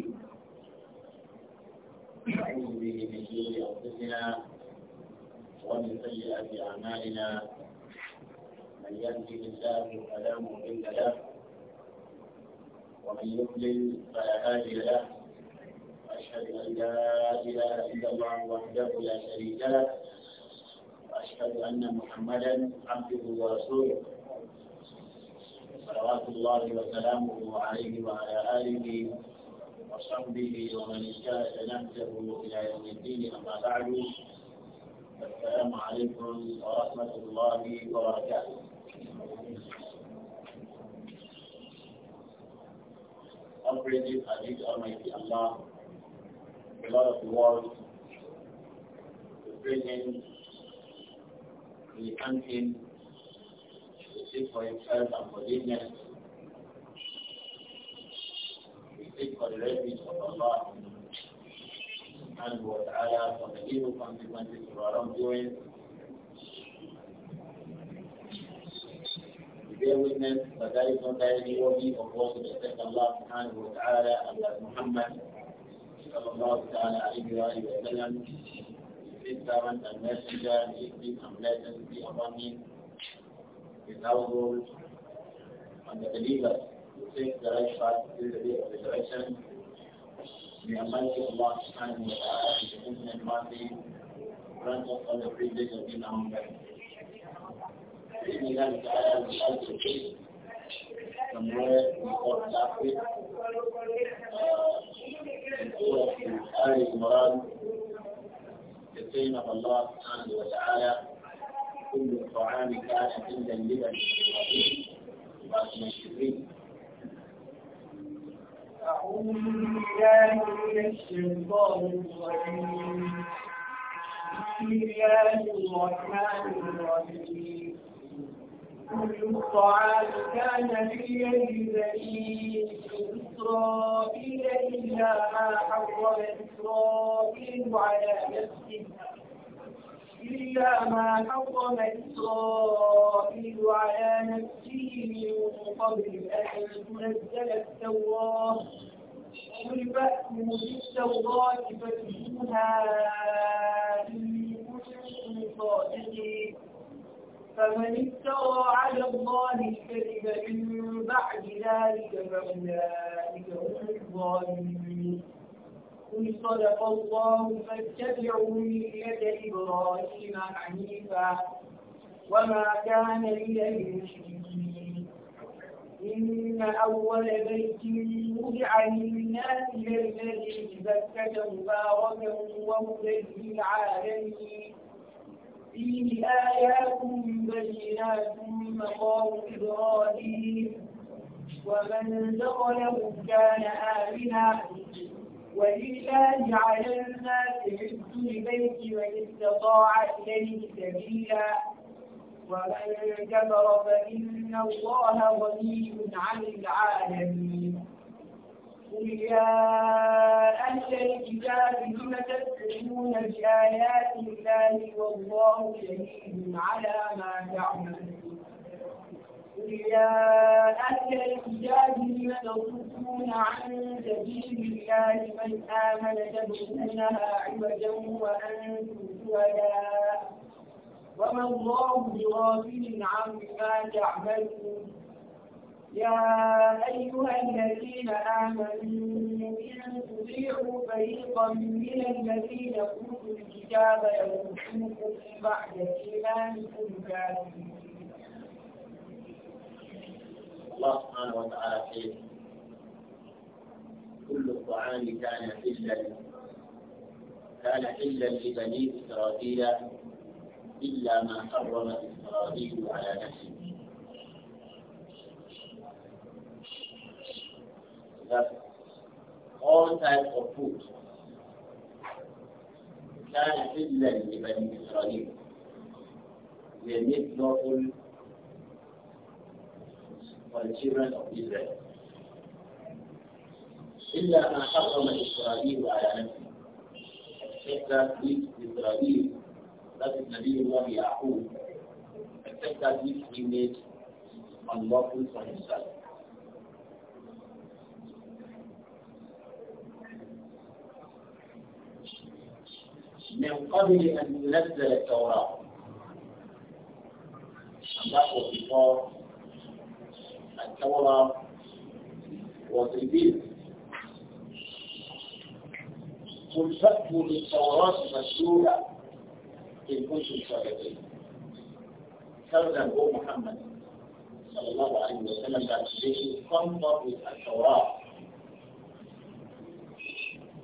نعوذ به من شرور انفسنا ومن سيئات اعمالنا من يهده الله فلا مضل له ومن يضلل فلا هادي له واشهد ان لا اله الا الله وحده لا شريك له واشهد ان محمدا عبده ورسوله صلوات الله وسلامه عليه وعلى اله وصحبه ومن اجتهد نهجه إلى يوم الدين أما بعد السلام عليكم الله وبركاته Almighty Allah, the Lord of the world, the bring the hunting, to seek for himself and forgiveness, speak for the refuge of Allah and wa ta'ala from the evil consequences of our wrongdoing. We bear witness that there is no of Allah subhanahu wa Muhammad his servant and messenger, his peace and blessings be upon him, his household, and the believers take the right path till the way of resurrection. May Almighty Allah stand with in the infinite mercy, grant us all the privilege of being among them. بإذن الله تعالى we shall proceed from where we stopped last week. Surah Al Imran, the saying of Allah subhanahu wa ta'ala, كل الطعام كان عند اللبن verse 93. أعوذ بالله من الشيطان الرجيم بسم الله الرحمن الرحيم كل الطعام كان لليد بني إسرائيل إلا ما حرم إسرائيل على نفسه إلا ما حرم إسرائيل على نفسه من قبل أن تنزل التوراة قل فأتوا بالتوراة فاتلوها إن كنتم صادقين فمن افترى على الله الكذب من بعد ذلك فأولئك هم الظالمين قل صدق الله فاتبعوا ملة إبراهيم حنيفا وما كان من المشركين إن أول بيت وضع للناس للذي بكة مباركا وهدى للعالمين فيه آيات بينات مقام إبراهيم ومن دخله كان آمنا ولله على الناس حج البيت من استطاع اليه سبيلا ومن كفر فان الله غني عن العالمين قل يا اهل الكتاب لم تكفرون بايات الله والله شهيد على ما تعملون يا أهل الحجاج لم تصدون عن سبيل الله من آمن تبغونها عوجا وأنتم شهداء وما الله بغافل عما تعملون يا أيها الذين آمنوا إن تطيعوا فريقا من الذين أوتوا الكتاب يردوكم بعد إيمانكم كافرين الله سبحانه وتعالى كيف كل الطعام كان حلا كان حلا لبني إسرائيل إلا ما حرم إسرائيل على نفسه that all types of food كان حلا لبني إسرائيل were made for the children of Israel. إلا ما حرم إسرائيل على نفسه except that which Israel, that is Nabiullah Yaqub, except that which he made unlawful for himself. من قبل أن ينزل التوراة. And that was before and Tawrah was revealed. قل فأتوا بالتوراة مسجولا إن كنتم صادقين. Tell them, O oh Muhammad, صلى الله عليه وسلم, they should with a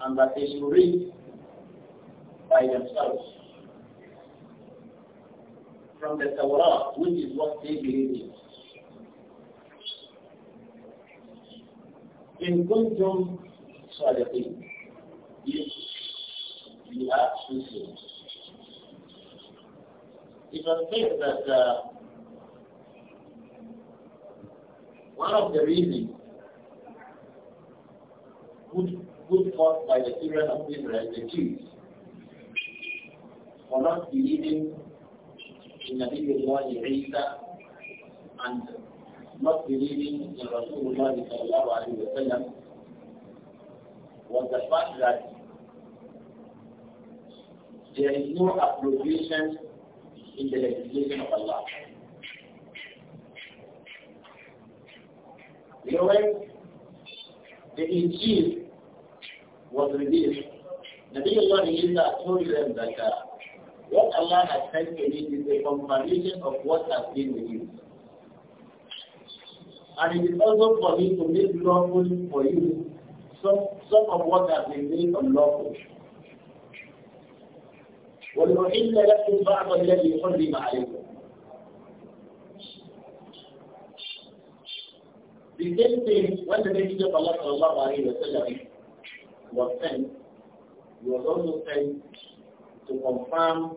and that they should read by themselves from the Torah, which is what they believe in. in kuntum sadiqin. If you are truthful. It was said that uh, one of the reasons good, good thought by the children of Israel, the Jews, for not believing in Nabi Allah Isa and not believing in Rasulullah sallallahu alayhi wa sallam was the fact that there is no appropriation in the legislation of Allah. You know, when the Injil was revealed, Nabi Allah Isa told them that uh, what Allah has sent to me is a confirmation of what has been revealed. And it is also for me to make lawful for you some, some of what has been made unlawful. ولأحل لكم بعض الذي حرم عليكم. The same thing when the Messenger of Allah sallallahu alayhi wa sallam was sent, he was also sent to confirm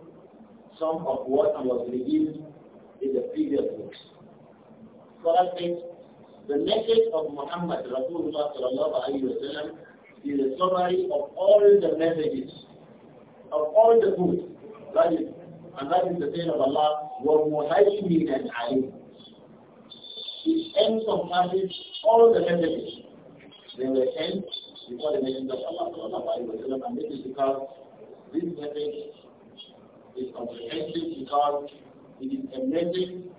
some of what was revealed in the previous books. For that means the message of Muhammad Rasulullah sallam, is a summary of all the messages, of all the good. That is, and that is the saying of Allah, wa وَمُهَيْمِنًا عَلَيْهِ It encompasses all the messages. They were sent before the message of Allah sallallahu alayhi wa sallam, and this is because this message is comprehensive because it is a message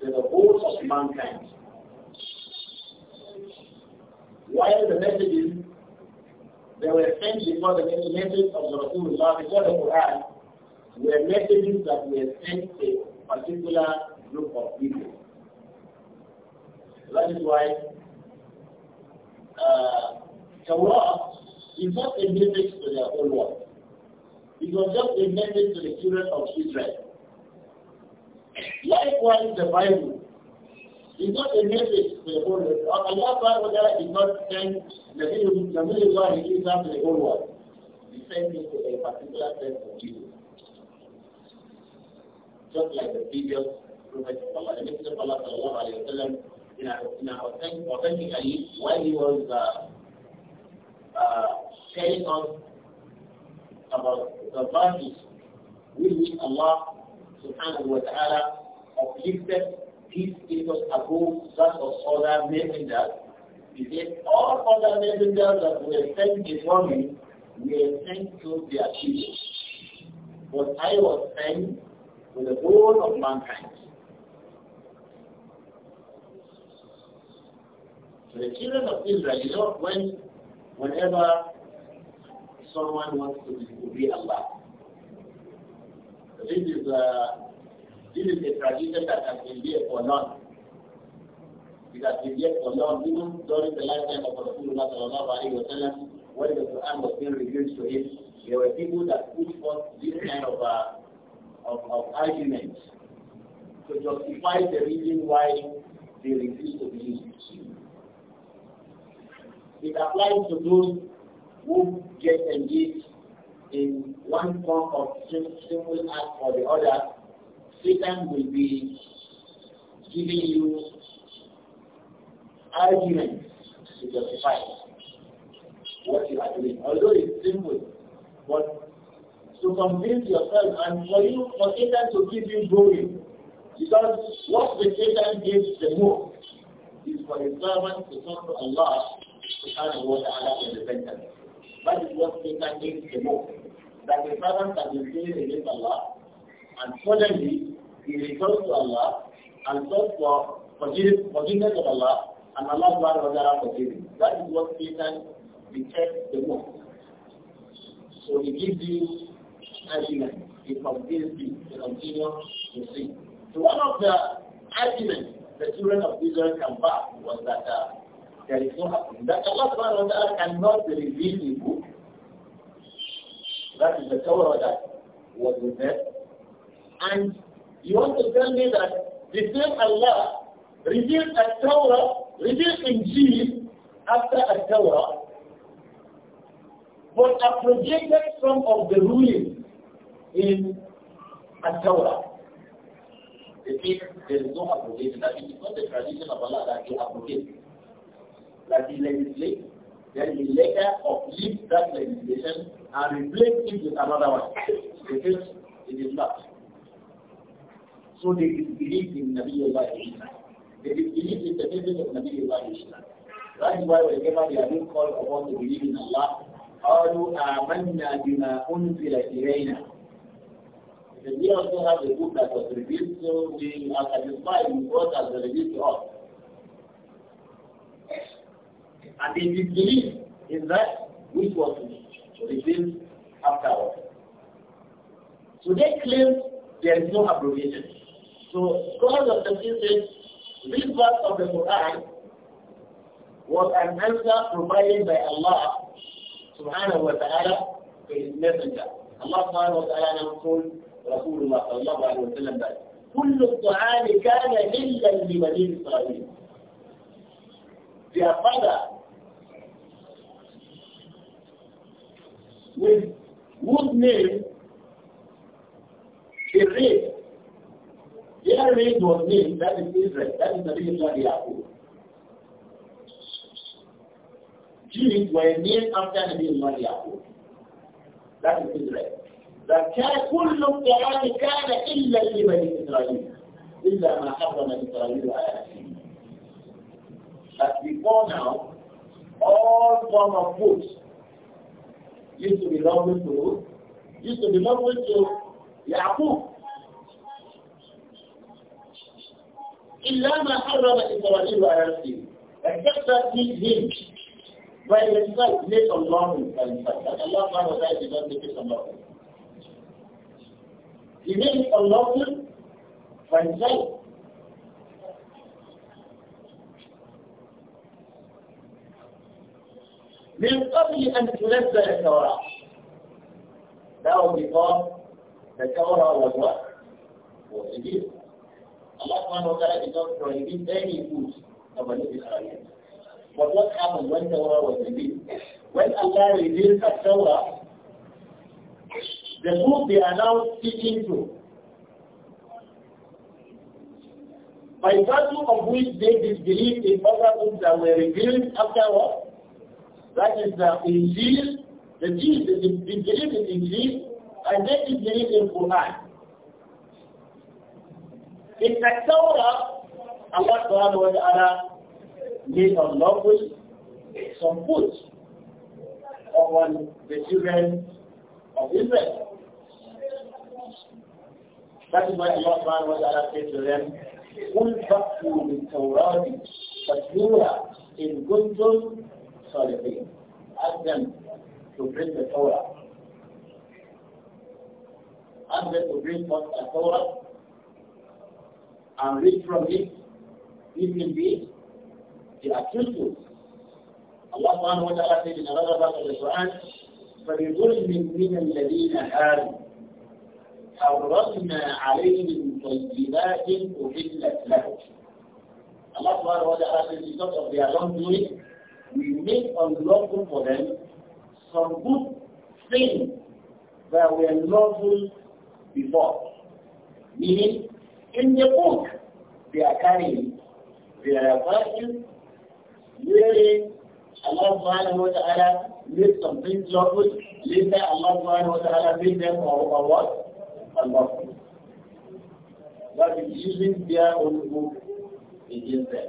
to the whole of mankind while the messages that were sent before the messages of the Rasulullah, before the Quran, were messages that were sent to a particular group of people. That is why uh, Torah is not a message to the whole world. It was just a message to the children of Israel. Likewise, the Bible it's not a message to the whole world. Allah Ta'ala did not send Nabiullah Isa to the whole world. He sent it to a particular set of people. Just like the previous Prophet Allah, the Allah Sallallahu Alaihi Wasallam, in our, in our authentic, authentically, when he was uh, uh, telling us about the verses with which Allah Subhanahu Wa Ta'ala uplifted this status above that of other messengers, he said, all other messengers that were sent before me were sent to their people. But I was sent to the whole of mankind. So the children of Israel, you know, when, whenever someone wants to a Allah, this is uh, this is a tradition that has been there for long. It has been there for long, even during the lifetime of Rasulullah sallallahu alayhi wa sallam, when the Quran was being revealed to him, there were people that put forth this kind of, uh, of, of arguments to justify the reason why they refused to believe. It applies to those who get engaged in one form of simple act or the other Satan will be giving you arguments to justify what you are doing, although it's simple. But to convince yourself and for you, for Satan to keep you going, because what the Satan gives the most is for the servant to talk to Allah subhanahu what Allah in the center. That is what Satan gives the most. That the servant can be against Allah and suddenly he returns to Allah and sought for forgiveness of Allah, and Allah subhanahu wa ta'ala That is what Satan detests the most. So he gives you argument. He forgives you to continue to sin. So one of the arguments the children of Israel can back was that uh, there is no happening. That Allah subhanahu wa ta'ala cannot reveal the book. That is the Torah that was with them. And you want to tell me that the same Allah revealed a Torah, revealed Jesus after a Torah, but abrogated some of the rulings in a Torah. The thing, there is no abrogation. it is not the tradition of Allah that He abrogates. That He legislates, then He later uplifts that legislation and replaces it with another one. Because it is not. So they disbelieved in Nabiullah Isa. They disbelieved in the message of Nabiullah Isa. That's why whenever they are being called upon to believe in Allah, قالوا آمنا بما أنزل إلينا. Because we also have the book that was revealed, so we are satisfied with what has been revealed to us. And they disbelieve in that which was revealed after afterwards. So they claim there is no abrogation. So scholars of the said this verse of the Quran was an answer provided by Allah subhanahu wa ta'ala to his messenger. Allah subhanahu wa ta'ala told Rasulullah sallallahu alayhi wa sallam that كل الطعام كان إلا لبني إسرائيل. Their father with whose name read their race was named, that is Israel, that is the name of they Jews were named after the name that they are called. That is Israel. فكان the الطعام كان إلا لبني إسرائيل إلا ما حرم إسرائيل على نفسه But before now, all form of food used to be to used to be to Yaqub إلا ما حرم إبراهيم على نفسه except that he did by himself made some wrong by himself. Allah subhanahu wa ta'ala did not make it unlawful. He made it unlawful by himself. من قبل أن تنزل التوراة. That was before the Torah was what? Was revealed. Allah subhanahu wa ta'ala did not prohibit any food of an Israel. But what happened when Torah was revealed? When Allah revealed the Torah, the food they are now sticking to, by virtue of which they disbelieved in other books that were revealed afterward, that is the Injil, the Jews disbelieved in Injil, and they disbelieved in Quran. In fact, Torah, Allah subhanahu wa ta'ala made unlawful some foods upon the children of Israel. That is why Allah subhanahu wa ta'ala said to them, قُلْ فَأْتُوا بِالتَّوْرَاتِ فَاتْلُوهَا إِن كُنْتُمْ صَادِقِينَ Ask them to bring the Torah. Ask them to bring forth the Torah and read from it, it will be the accused one. Allah subhanahu wa ta'ala said in another part of the Quran, فَبِظُلْمٍ مِّنَ الَّذِينَ هَادُوا حَرَّمْنَا عَلَيْهِمْ طَيِّبَاتٍ أُحِلَّتْ لَهُمْ Allah subhanahu wa ta'ala said because of their wrongdoing, we make unlawful for them some good things that were lawful before. Meaning, in the book they are carrying are virtues, really Allah subhanahu wa ta'ala made some things lawful, later Allah subhanahu wa ta'ala made them or, or what? Unlawful. That is using their own book against them.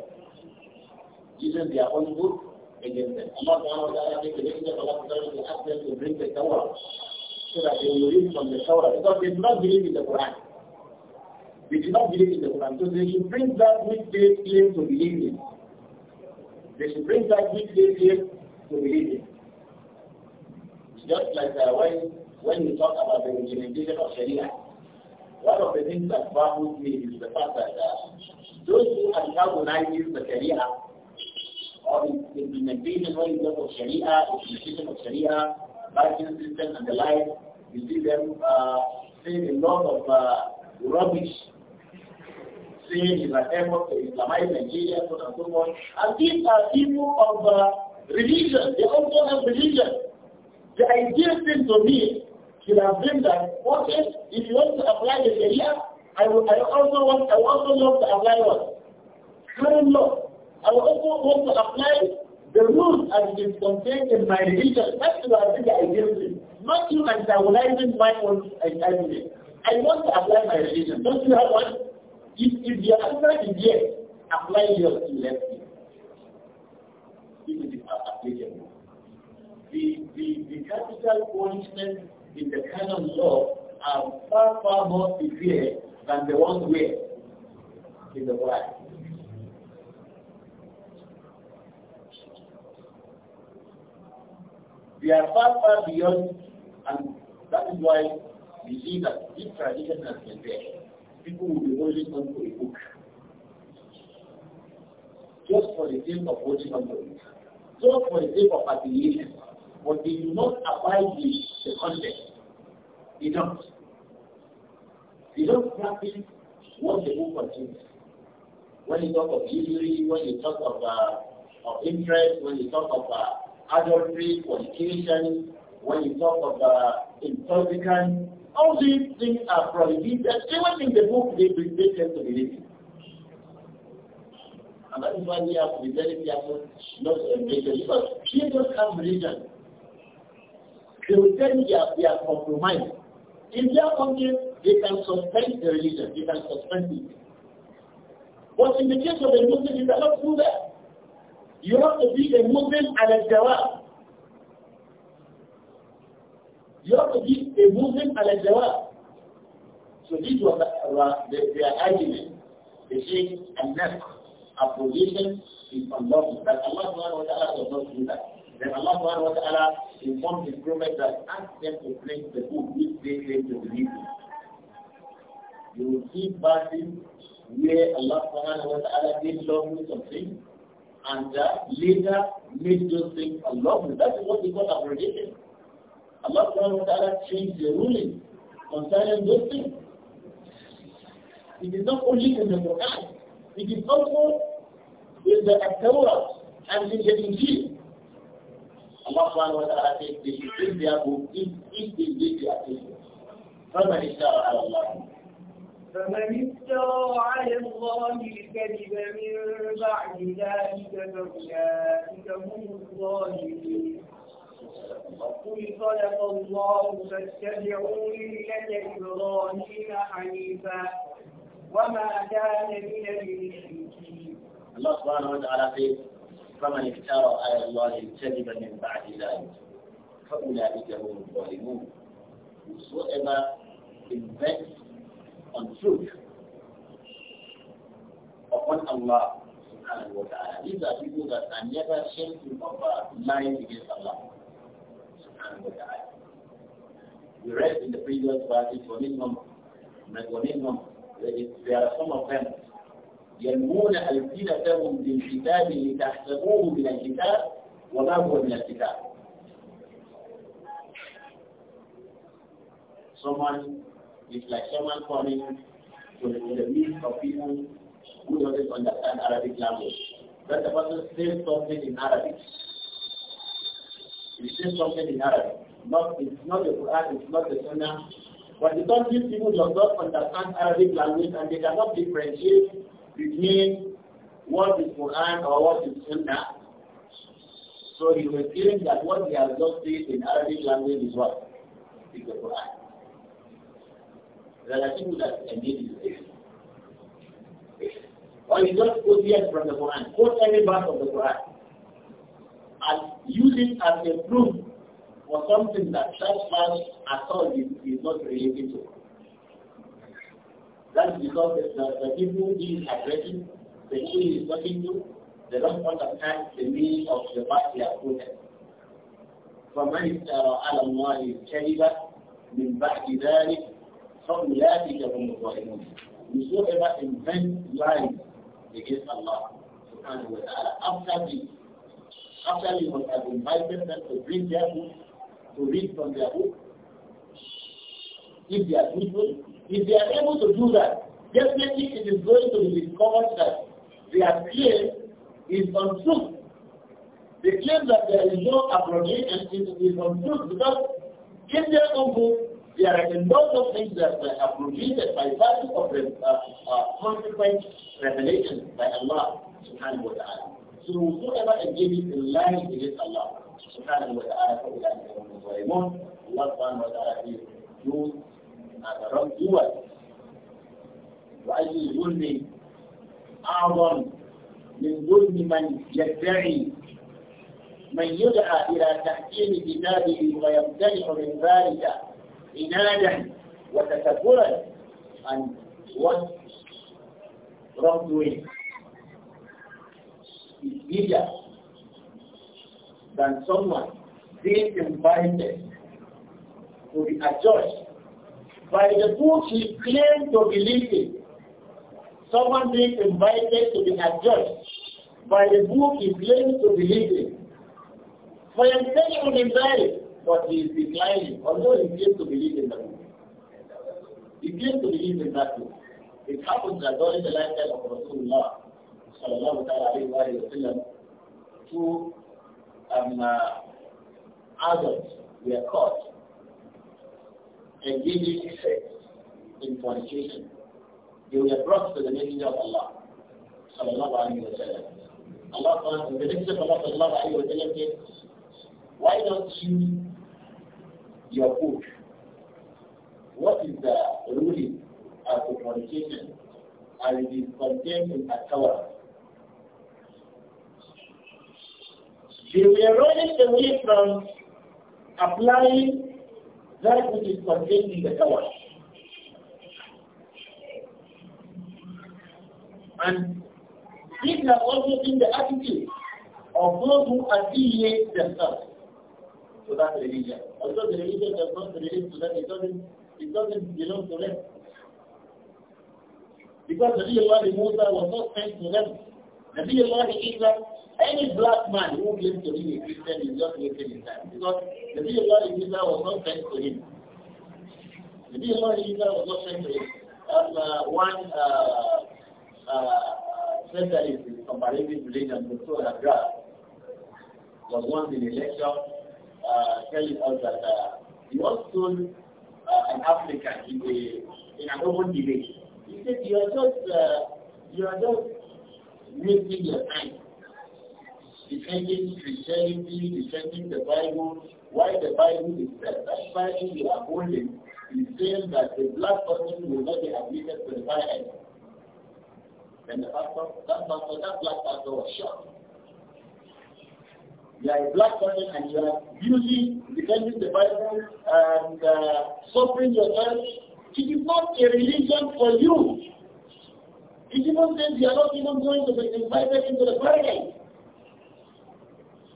Using their own book against them. Allah subhanahu wa ta'ala made the messenger of Allah subhanahu wa ta'ala to ask them to bring the Torah so that they will read from the Torah because they do not believe in the Quran. They did not believe in the Quran. So they should bring that which they claim to believe in. They should bring that which they claim to believe in. It's just like uh, when, when we talk about the implementation of Sharia. One of the things that baffles me is the fact that uh, those who antagonize the Sharia or the implementation when you of Sharia, implementation of Sharia, banking system and the like, you see them uh, saying a lot of uh, rubbish saying it's an effort to Islamize Nigeria, so on and so on. And these are uh, people of uh, religion. They also have religion. The ideal thing to me should have been that, okay, if you want to apply the Sharia, I, will, I also want, I also love to apply what? Current law. I also want to apply the rules as it is contained in my religion. That's should have been the ideal thing. Not you antagonizing my own identity. I want to apply my religion. Don't you have one? If, if the answer is yes, apply your to left ear. This is The, the, the capital punishment in the canon law are far, far more severe than the ones where in the world. We are far, far beyond, and that is why we see that this tradition has been there people will be only onto a book. Just for the sake of watching onto it. Just for the sake of affiliation. But they do not abide with the content. They don't. They don't practice what the book contains. When you talk of usury, when you talk of, uh, of interest, when you talk of uh, adultery, fornication, when you talk of uh, intoxicant, all these things are prohibited. Even in the book, they, they to believe And that is why we have to be very careful not to engage them. Because people have religion. They will tell you they are compromised. In their country, they can suspend the religion. They can suspend it. But in the case of a Muslim, you cannot do that. You have to be a Muslim and a Jawab. You have to be a Muslim al jawab So this was uh, the, their argument. They say, and that our position is unlawful. That Allah subhanahu wa ta'ala does not do that. Then Allah subhanahu wa ta'ala informed his prophet that ask them to place the book which they claim to believe in. You will see verses where Allah subhanahu wa ta'ala did you something and uh, later made those things unlawful. That is what we call abrogation. Allah subhanahu wa ta'ala changed the ruling concerning those things. It is not only in the Quran, it is also in the Torah and in the Injil. Allah subhanahu wa ta'ala they should bring their book if they their فمن على الله فمن افترى على الله الكذب من بعد ذلك فأولئك هم الظالمين وقل صدق الله فاتبعوا ملة إبراهيم حنيفا وما كان من المشركين الله سبحانه وتعالى قيل فمن اختار آية الله كذبا من بعد ذلك فأولئك هم الظالمون whosoever invents on truth upon Allah subhanahu wa ta'ala. These are people that are never shameful of lying against Allah. We read in the previous verses there are some of them. يلمون ألسنتهم بالكتاب لتحسبوه من الكتاب وما هو من الكتاب. Someone is like someone coming to the, the midst of people who doesn't understand Arabic language. but the person says something in Arabic you say something in Arabic. Not, it's not the Quran, it's not the Sunnah. But because these people do not understand Arabic language and they cannot differentiate between what is Quran or what is Sunnah, so he was feeling that what he has just said in Arabic language is what? Is the Quran. That is are people that indeed is Or you just quote yes from the Quran. Quote any part of the Quran and use it as a proof for something that trespass at all is, is not related to. That's because the, the, the people he is addressing, the issue is nothing new, they don't understand the meaning of the past they are quoted. فمن افترى على الله الكذب من بعد ذلك فأولئك هم الظالمون. Whosoever invents lies against Allah subhanahu wa ta'ala after this Actually, you have invited them to bring their book to read from their book. If they are people, if they are able to do that, definitely it is going to be discovered that their claim is untrue. The claim that there is no abrogation is, is untrue because in their own book, there are a lot of things that have abrogated by virtue of uh, uh, consequent revelation by Allah subhanahu wa ta'ala. سنوصول بقى سبحانه وتعالى فأولئك هم الظالمون الله سبحانه وتعالى في جود هذا الرب وأي ظلم أعظم من ظلم من يدعي من يدعى إلى تحكيم كتابه ويمتنع من ذلك عنادا وتكبرا عن what wrongdoing is bigger than someone being invited to be a judge by the book he claimed to believe in. Someone being invited to be a judge by the book he claims to believe in. For a second invited, but he is declining, although he claims to believe in the book. He claims to believe in that book. It happens that during the lifetime of Rasulullah, sallallahu alaihi wa sallam, two um, uh, adults were caught engaging in fornication. They were brought to the Messenger of Allah sallallahu alaihi wa sallam. Allah the Messenger of Allah sallallahu alaihi wa sallam said, why don't you your book? What is the ruling of the fornication? And it is contained in a tower. They were running away from applying that which is contained in the Torah. And these are also in the attitude of those who affiliate themselves to that religion. Although the religion does not relate to that, it doesn't, it doesn't belong to them. Because the real Musa was not sent to them Nabiullah is that any black man who claims to be a Christian is just wasting his time because Nabiullah Isa was not sent to him. Nabiullah Isa was not sent to him. That's uh, one uh, uh, specialist in comparative religion, Dr. Agra, was once in a lecture uh, telling us that uh, he was told uh, an African in, a, in an open debate. He said, you are just, uh, you are just making your time, defending Christianity, defending the Bible, why the Bible is that. That's why are holding, is saying that the black person will not be admitted to the fire. And the pastor, that pastor, that black pastor was shot. You are a black person and you are using, defending the Bible and uh, suffering yourself. It is not a religion for you. Even then, they are not even going to be invited into the paradise.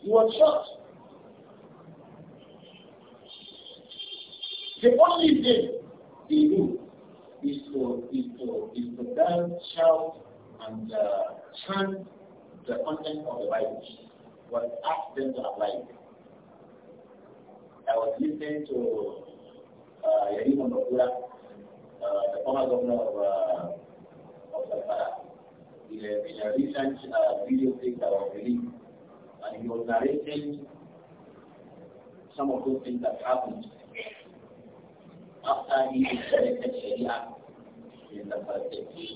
You are shot. The only thing he do is to, is to, is to dance, shout, and uh, chant the content of the Bible, but ask them to apply it. I was listening to uh, Yerima Nokura, uh, the former governor of uh, in a, in a recent uh, video clip that was released, and he was narrating some of those things that happened after he implemented Sharia in the first place.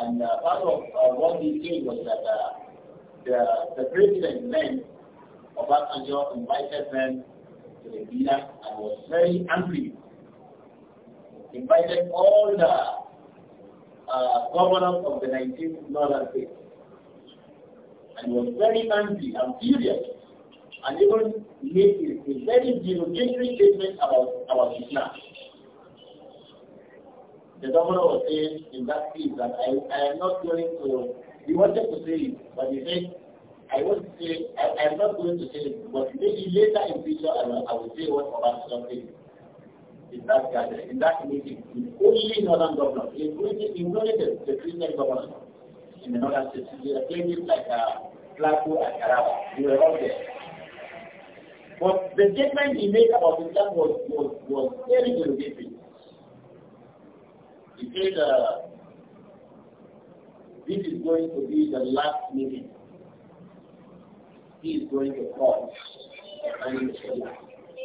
And uh, part of uh, what he said was that uh, the, the president then of Obasanjo invited them to the villa and was very angry. invited all the uh, governor of the 19th Northern State and was very angry and furious and even made a, a very derogatory statement about, our Islam. The governor was saying in that piece that I, I am not going to, he wanted to say it, but he said, I won't say, I, am not going to say it, but maybe later in future I will, I will say what about something in that gathering, in that meeting, only northern governors, including, including the, the Christian governors in the northern states, they are claiming like a uh, Plateau and Karawa, we were all there. But the statement he made about Islam was, was, was very derogatory. He said, uh, this is going to be the last meeting he is going to call. And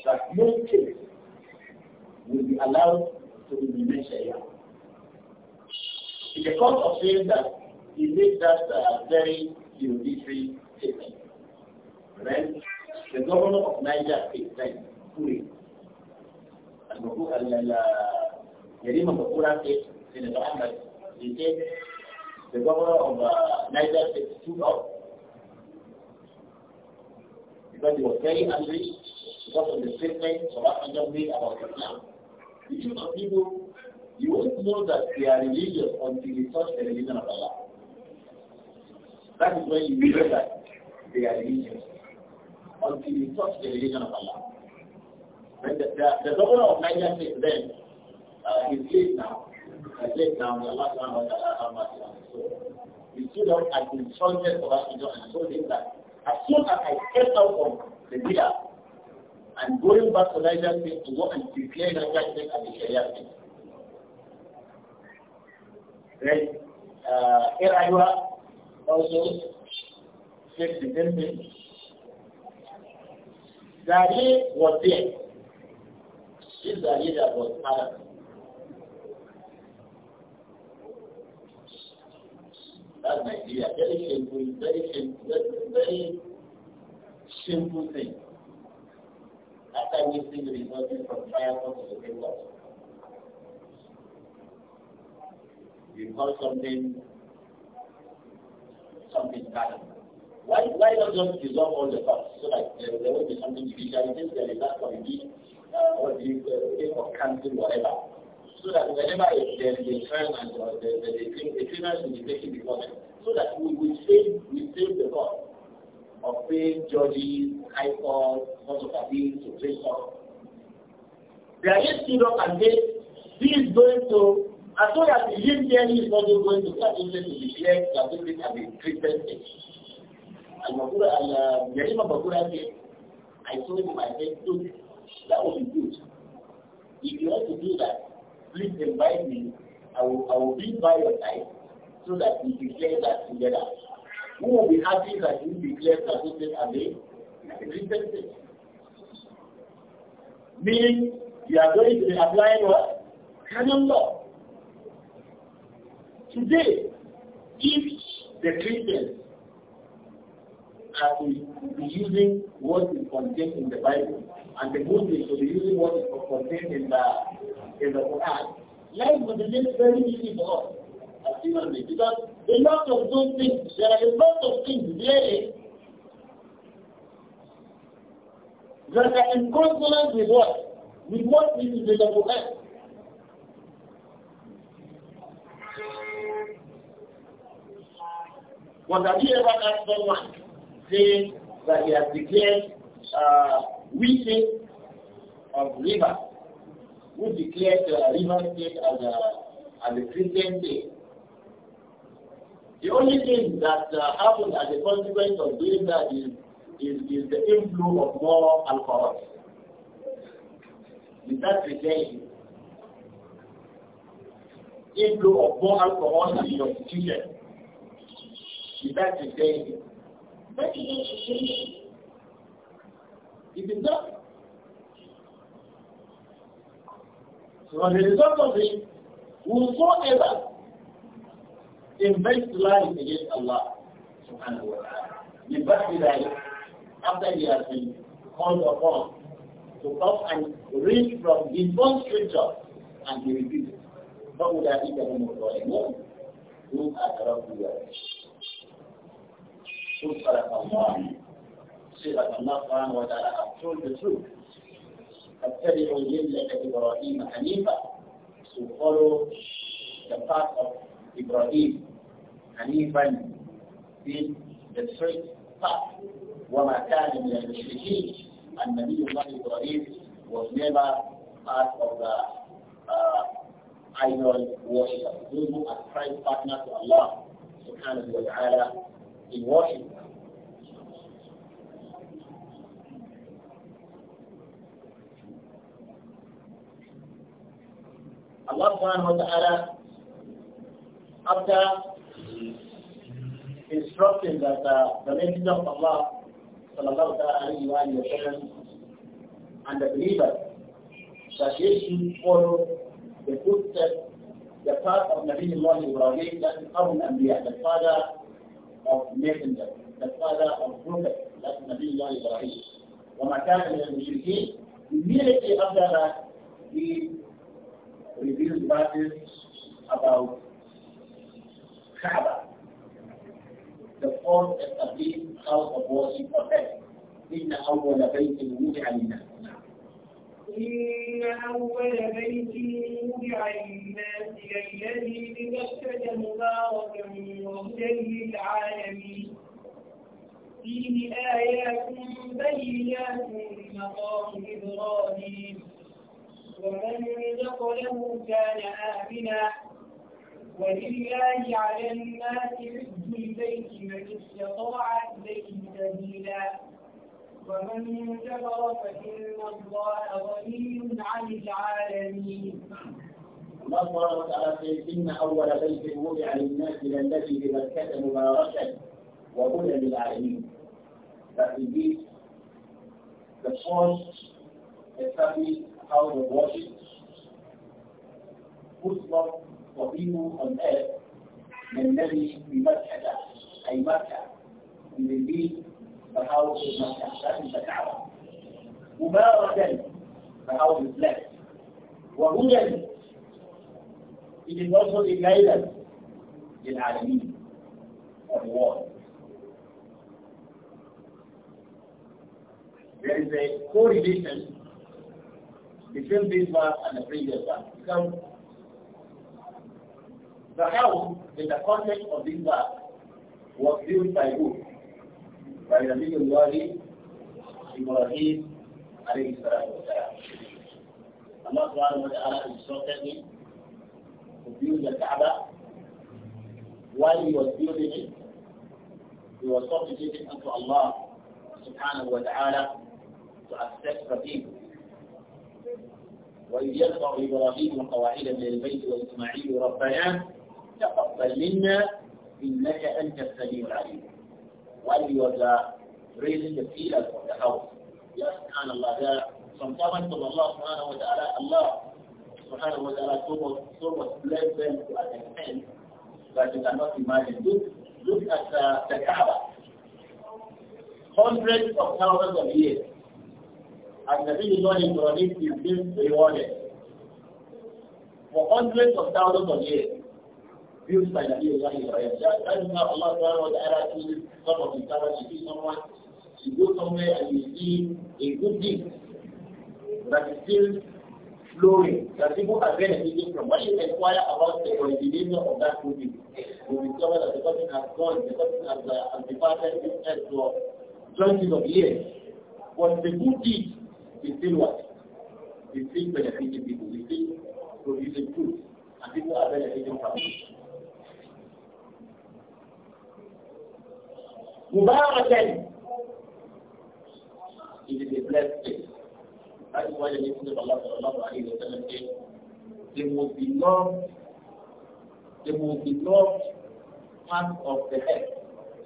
that no case will be allowed to implement Sharia. In the course of saying that, he made that uh, very unitary statement. Right? The governor of Niger State, then, Kuri, and uh, Yerima Bakura State, Senator Ahmed, he said, the governor of uh, Niger State stood up because he was very angry because of the statement of Ahmed made about Islam religion of people, you won't know that they are religious until you touch the religion of Allah. That is when you know that they are religious. Until you touch the religion of Allah. When the, the, the governor of Nigeria said then, uh, he's late now. He's late now. The last one was Allah. So he stood up and insulted Obasanjo and told him that as soon as I step out of the deal, and going back to Niger State to go and prepare Niger State as the Sharia state. Right? Uh, Iraiwa also said the same thing. Zari was there. This Zari that was Arab. That's my Nigeria. Very simple, very simple, very, very simple thing after we see the resulting from trial to the Supreme Court. You call something something bad. Why why not just dissolve all the courts so that there, there will be something judicial since there is that committee uh, or the uh, of council whatever. So that whenever there is a trial and the the the, the, will be taken before them, so that we we save we save the court of paying judges, high court, court of appeal, Supreme Court. There is freedom and faith. He is going to, as long as he lives there, he is not going to start continue to declare that this thing has been treated. And Bakura, and the name of said, I told him, I said, look, that would be good. If you want to do that, please invite me. I will, I will be by your side so that we declare that together. Who will be happy that you declare certificate as a Christian thing? Meaning, you are going to be applying what? Canon law. Today, if the Christians are to be using what is contained in the Bible, and the Muslims will be using what is contained in the in the Quran, life will be very easy for us because a lot of those things, there are a lot of things there that are in consonance with what? With what is in the Quran. But have you ever asked someone saying that he has declared uh, weeping of river, who declared the river state as a, as a Christian state? The only thing that uh, happens as a consequence of doing that is, is, is the inflow of more alcohol. You the rejecting inflow of more alcohol in your institution. You start rejecting That is not change. It is not. So as a result of it, whosoever invent lies against Allah subhanahu wa ta'ala. The bad after he has been called upon to come and read from his own scripture and he repeats it. فأولئك هم الظالمون هم أقرب شوف صدق الله the truth. I وتعالى أقول you أتبعوا ملة إبراهيم حنيفا to follow the path of Ibrahim in the first part, وما كان من المشركين النبي الله إبراهيم was never part of the uh, idol worship. Those who are Christ partner to Allah subhanahu wa ta'ala in worship. Allah subhanahu wa ta'ala after instructing that uh, the Messenger of Allah and the believer that they should follow the footsteps, the path of Nabi Allah Ibrahim, that is Arun Anbiya, the father of messenger, the father of prophet, that is Nabi Allah Ibrahim. وما in the المشركين immediately after that he revealed verses about Kaaba the fourth of إن أول بيت وضع للناس إن أول بيت وضع للناس للذي ببكة مباركا وهدى للعالمين فيه آيات بينات مقام إبراهيم ومن دخله كان آمنا ولله على الناس حج من البيت من استطاع إليه سبيلا ومن كفر فإن الله غني عن العالمين الله تعالى وتعالى إن أول بيت وضع للناس إلى للذي ببكة مباركة وهدى للعالمين فالبيت The first established house of worship, put love for people on earth And maybe we must have a I must We will be the house of Makkah. That is the Kaaba. Umaratan, the house is it is also a guidance in There is a correlation between this verse and the previous one. Because the house in the context of this verse was built by who? By the Nabi Ibrahim alayhi salatu Allah subhanahu wa ta'ala instructed him to build the Kaaba. While he was building it, he was supplicating unto Allah subhanahu wa ta'ala to accept from him. وإذ يرفع إبراهيم قواعد من البيت وإسماعيل ربنا تقبل منا إنك أنت السميع العليم while he was في raising the pillars of the house يا سبحان الله ده فانتظر heaven from Allah سبحانه وتعالى Allah سبحانه وتعالى so much so much blessed them ما في مال that you cannot imagine look at uh, the Kaaba hundreds of thousands of years and the really learning from it is being rewarded for hundreds of thousands of years used by Nabiullah Ibrahim. That, that is how Allah subhanahu wa ta'ala chooses some of his servants. You see someone, you go somewhere and you see a good deed that is still flowing, that people are benefiting from. When you inquire about the origination of that good deed, you discover that the person has gone, the person has, uh, has departed this earth for twenties of years. But the good deed is still what? It's still benefiting people. It's still producing food. And people are benefiting from it. Mubarakan. It is a blessed thing. That is why the Messenger of Allah sallallahu alayhi wa sallam said, they will be loved, they will be loved part of the head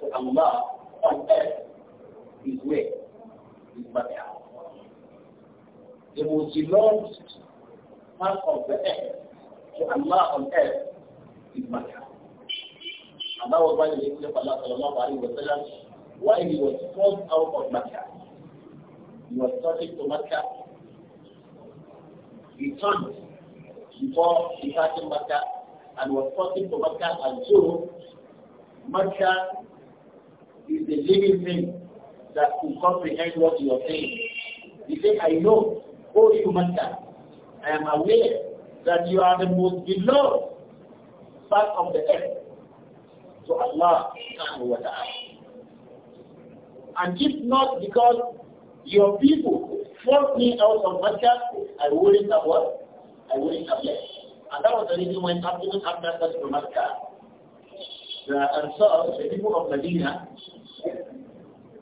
to Allah on earth is way, is better. They will be loved part of the earth to Allah on earth is better. And that was why the Messenger of Allah sallallahu alayhi wa sallam, while he was forced out of Mecca, he was starting to Mecca, he turned before he started Mecca and was starting to Mecca and so Mecca is the living thing that can comprehend what you are saying. He said, I know, O you Mecca, I am aware that you are the most beloved part of the earth to Allah subhanahu wa ta'ala. And if not because your people forced me out of Mecca, I wouldn't have what? I wouldn't have left. And that was the reason when Abdul after that from Mecca, the Ansar, the people of Medina,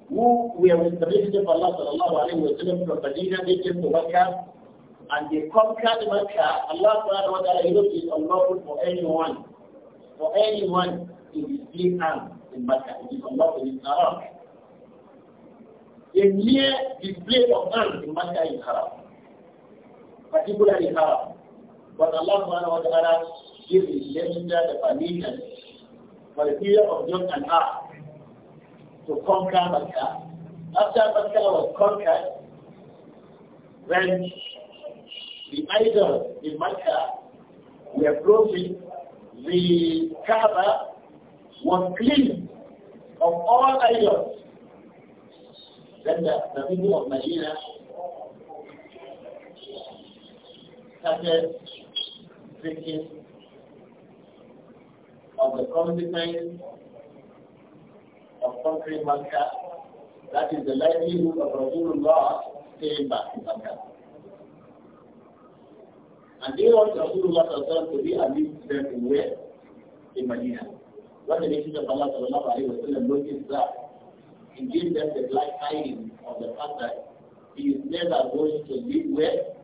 who were with the Messenger of Allah sallallahu alayhi wa sallam from Medina, they came to Mecca, and they conquered Mecca. Allah subhanahu wa ta'ala, he is unlawful for anyone. For anyone to his in Mecca. It is Allah in haram. A mere display of hands in Mecca is haram. Particularly haram. But Allah subhanahu wa ta'ala gives his messenger the permission for the period of just an hour to conquer Mecca. After Mecca was conquered, when the idols in Mecca were broken, the Kaaba was clean of all idols, then the, the people of Medina started thinking of the consequence of conquering Mecca. That is the likelihood of Rasulullah staying back in Mecca. And they want Rasulullah to be a them in where? In Medina. What the ne of Allah sallallahu alaihi wa sallam noticed that he gave them the black tidings of the fact that he is never going to live where?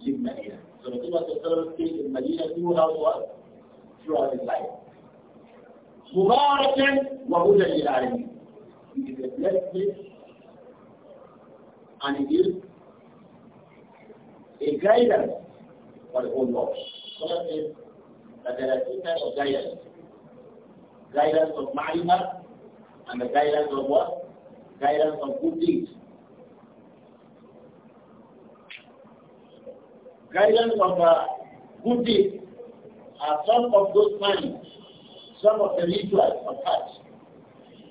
Live Medina. So the Prophet stayed in Medina throughout you Throughout his life. مباركا وهدى للعالمين. It is a blessed place and it is a guidance for the whole world. So means that there are two types of guidance guidance of ma'rifah, and the guidance of what? Guidance of good deeds. Guidance of uh, good deeds are some of those signs, some of the rituals of Hajj,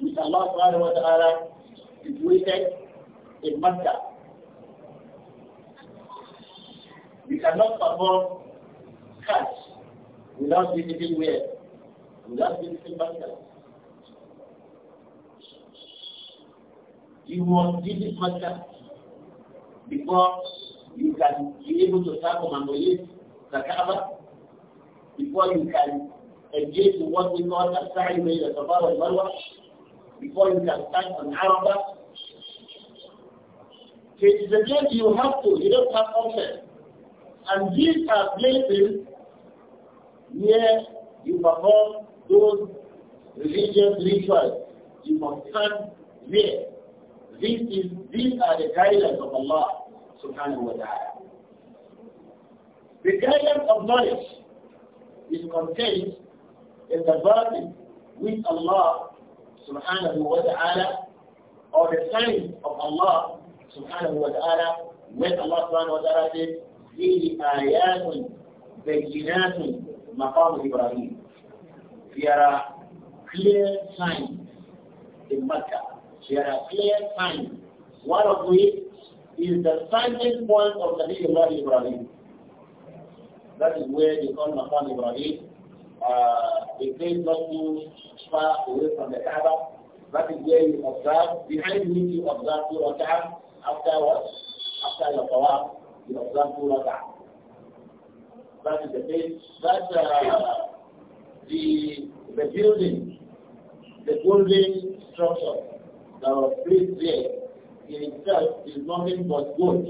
which Allah subhanahu wa ta'ala situated in Makkah. We cannot perform Hajj without visiting where? لكن في المكان You must give this matter before you can be able to circumambulate the Kaaba, before you can engage in what we call the Sa'i Bayt al Safa Marwa, before you can start on Arafah. It's the game you have to, you don't have option. And these are places where you perform those religious rituals you must stand there. This is, these are the guidance of Allah subhanahu wa ta'ala. The guidance of knowledge is contained in the verses with Allah subhanahu wa ta'ala or the signs of Allah subhanahu wa ta'ala when Allah subhanahu wa ta'ala says, فيه آيات بينات مقام إبراهيم there are clear signs in Mecca. There are clear signs. One of which is the starting point of the Nabi Allah Ibrahim. That is where they call Maqam Ibrahim. Uh, they came not too far away from the Kaaba. That is where you observe. Behind me you observe two rak'ah. After what? After your tawaf, you observe two rak'ah. That is the place. That's uh, the, the building, the building structure that was placed there in itself is nothing but gold,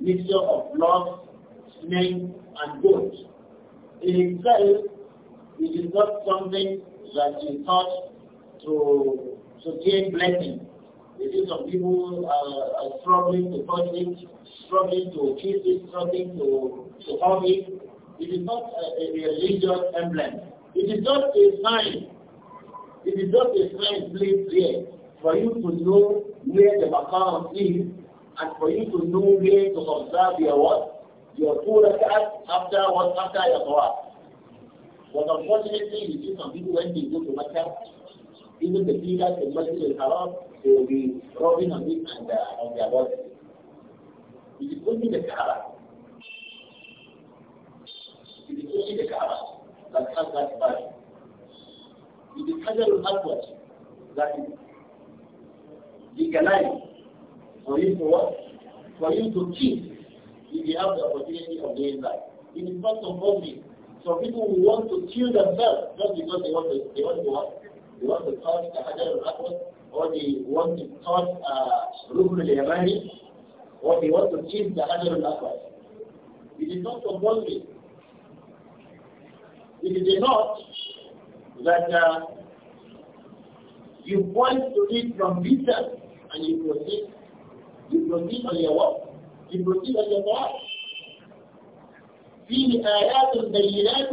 mixture of blood, cement, and gold. In itself, it is not something that is thought to, to gain blessing. It is some people are, are struggling to touch it, struggling to achieve it, struggling to, to hold it, it is not a, a religious emblem. It is just a sign. It is just a sign placed here for you to know where the maqam is and for you to know where to observe your what? Your two rak'at after what? After your tawaf. But unfortunately, you see some people when they go to Mecca, even the leaders in Masjid al-Haram, they will be rubbing on and uh, on their body. It is only the Kaaba it is only the cash that has that value. It is that Aswad that is legalized for you for what? For you to keep if you have the opportunity of doing that. It is not compulsory. So people who want to kill themselves just because they want to they want to what? They want to touch the Hajar al Aswad or they want to touch uh Rukn al Yamani or they want to kill the Hajar al Aswad. It is not compulsory it is not, that uh, you point to it from distance and you proceed. You proceed on your work. You proceed on your path. فيه آيات بينات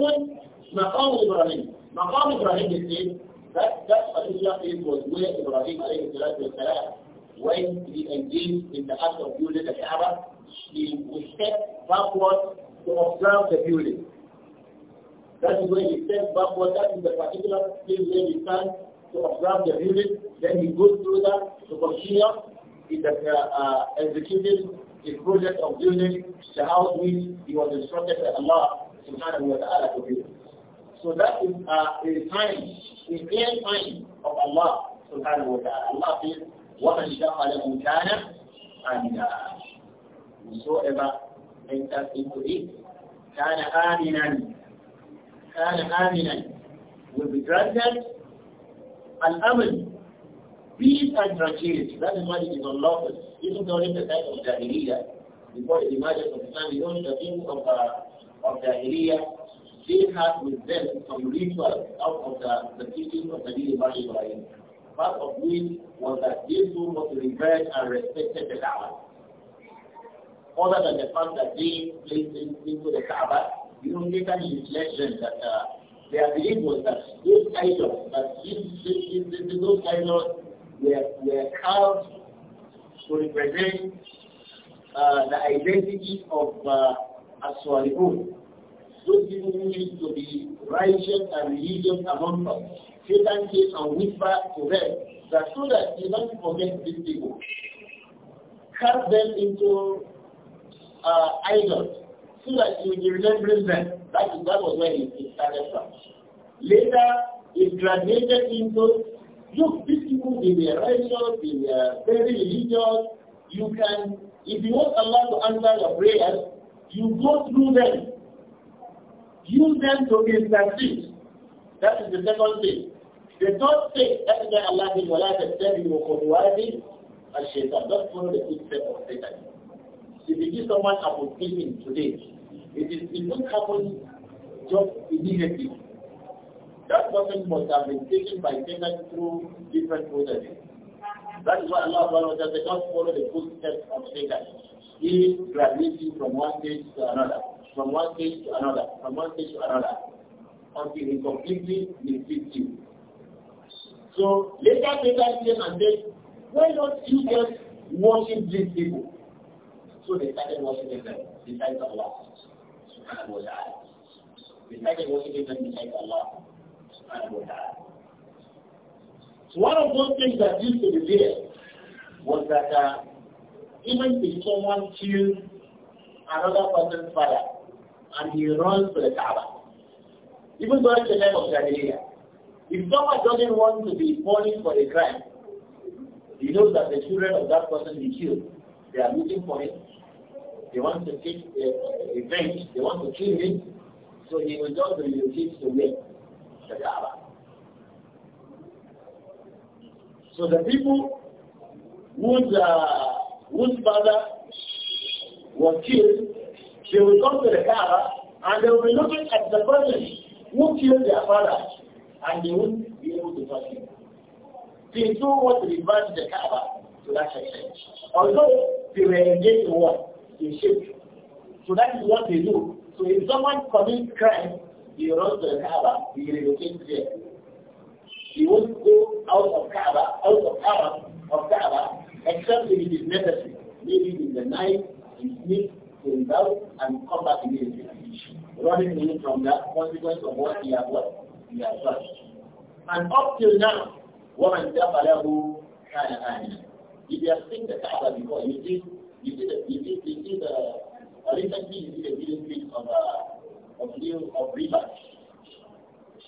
مقام إبراهيم مقام إبراهيم is that that particular place was where Ibrahim alayhi salatu wasalam when he engaged in the act of building the Kaaba he was set backward to observe the building that is when he steps backward, that is the particular place where he stands to observe the building. Then he goes through that to continue in the, uh, uh, executing the project of building the house which he was instructed by Allah subhanahu wa ta'ala to build. So that is uh, a time, a clear time of Allah subhanahu wa ta'ala. Allah says, وَمَنْ دَخَلَهُ كَانَ آمِنًا Whosoever enters into it, كَانَ آمِنًا كان آمنا will be granted al-amin, peace and tranquility. That is why it is unlawful. Even during the time of Jahiliyyah, before the emergence of Islam, the only the people of, uh, of Jahiliyyah, they had with them some rituals out of the, the teaching of the Dilibar Ibrahim. Part of which was that these two must revered and respected the Kaaba. Other than the fact that they placed into the Kaaba you know, he reflects them that uh, are belief was that these idols, that these, these, these, those idols were, were carved to represent uh, the identity of uh, who. Those people used to be righteous and religious among us. Satan came and whisper to them that so that you don't forget these people, cast them into uh, idols so that you will be remembering them. That, is, that was where it, started from. Later, it graduated into, look, these people, they were righteous, they were very religious. You can, if you want Allah to answer your prayers, you go through them. Use them to intercede. That is the second thing. The third thing, that is why Allah did, وَلَا تَتَّبِهُ to الشَّيْطَانِ Don't follow the footsteps of Satan. If you give someone about eating today, it, is, it won't happen just immediately. That person must have been taken by Satan through different processes. That is why Allah says they don't follow the footsteps of Satan. He graduates you from one stage to another, from one stage to another, from one stage to another, until he completely defeats you. So later Satan came and said, why don't you just worship these people? So they started them besides Allah. Subhanahu wa ta'ala. They started them besides Allah. Subhanahu wa ta'ala. So one of those things that used to be there was that uh, even if someone kills another person's father and he runs to the Kaaba, even during the time of Jahiliyyah, if someone doesn't want to be punished for a crime, he knows that the children of that person he killed, they are looking for him they want to take uh, revenge. They want to kill him. So he will just to away the Kaaba. So the people whose, uh, whose father was killed, they will come to the Kaaba and they will be looking at the person who killed their father and they won't be able to touch him. They don't want to reverse the Kaaba to that extent. Although they were engaged in war, in shape. So that is what they do. So if someone commits crime, he runs to the Kaaba, he relocates there. He won't go out of Kaaba, out of Kaaba, of Kaaba, except if it is necessary. Maybe in the night, he sneaks in out and come back immediately. Running away from the consequence of what he has what he has done. And up till now, woman Jafalahu kind of If you have seen the Kaaba before, you see you see the you see, you see the uh, recently you see the video clip of uh, of new of Rebus.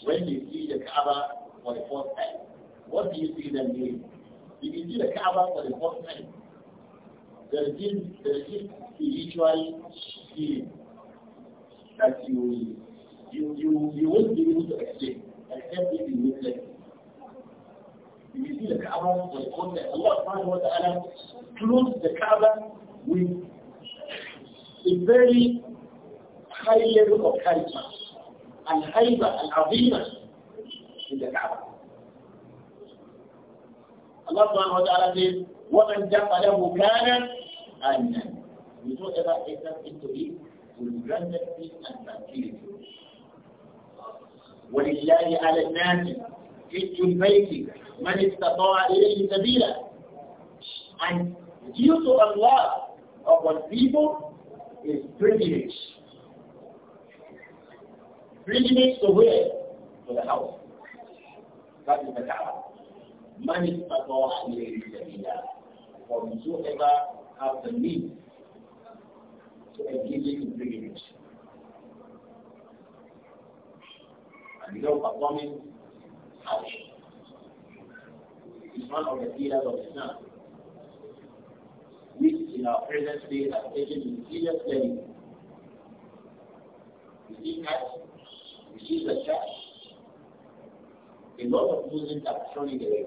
When you see the cover for the first time, what do you see them doing? If you see the cover for the first time, there is this there is this spiritual feeling that you you you you won't be able to explain except if you look like you see the cover for the first time. Allah subhanahu wa ta'ala closed the cover." with a very high level of charisma and haiba and azima in the Kaaba. Allah subhanahu wa ta'ala says, وَمَنْ جَعَلَهُ كَانَ آمِنًا Whosoever enters into it will be granted peace and tranquility. ولله على الناس حج البيت من استطاع إليه سبيلا. And due to Allah of what people is privilege. Privilege to where? To the house. That is the Kaaba. Money is at all for whosoever has the means to engage in privilege. And you know, performing house is one of the pillars of Islam in our present day application in taken seriously. You see that? You see the church? A lot of Muslims are turning away.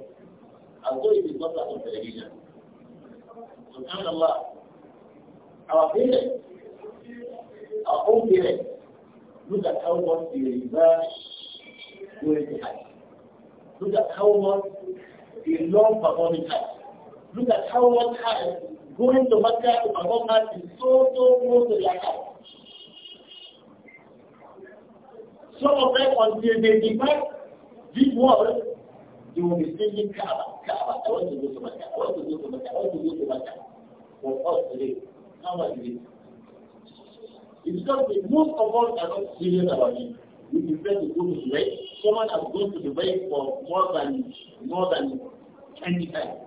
Although it is not part of the religion. Allah, Our parents, our own parents, look at how much they reverse during the time. Look at how much they long performing time. Look at how much time going to Mecca to perform Hajj is so, so close to their heart. Some of them, until they depart this world, they will be singing Kaaba, Kaaba, I want to go to Mecca, I want to go to Mecca, I want to go to Mecca. For us today, how much is it? It's because most of us are not serious about it. We prefer to go to the Dubai. Someone has gone to the Dubai for more than more than 20 times.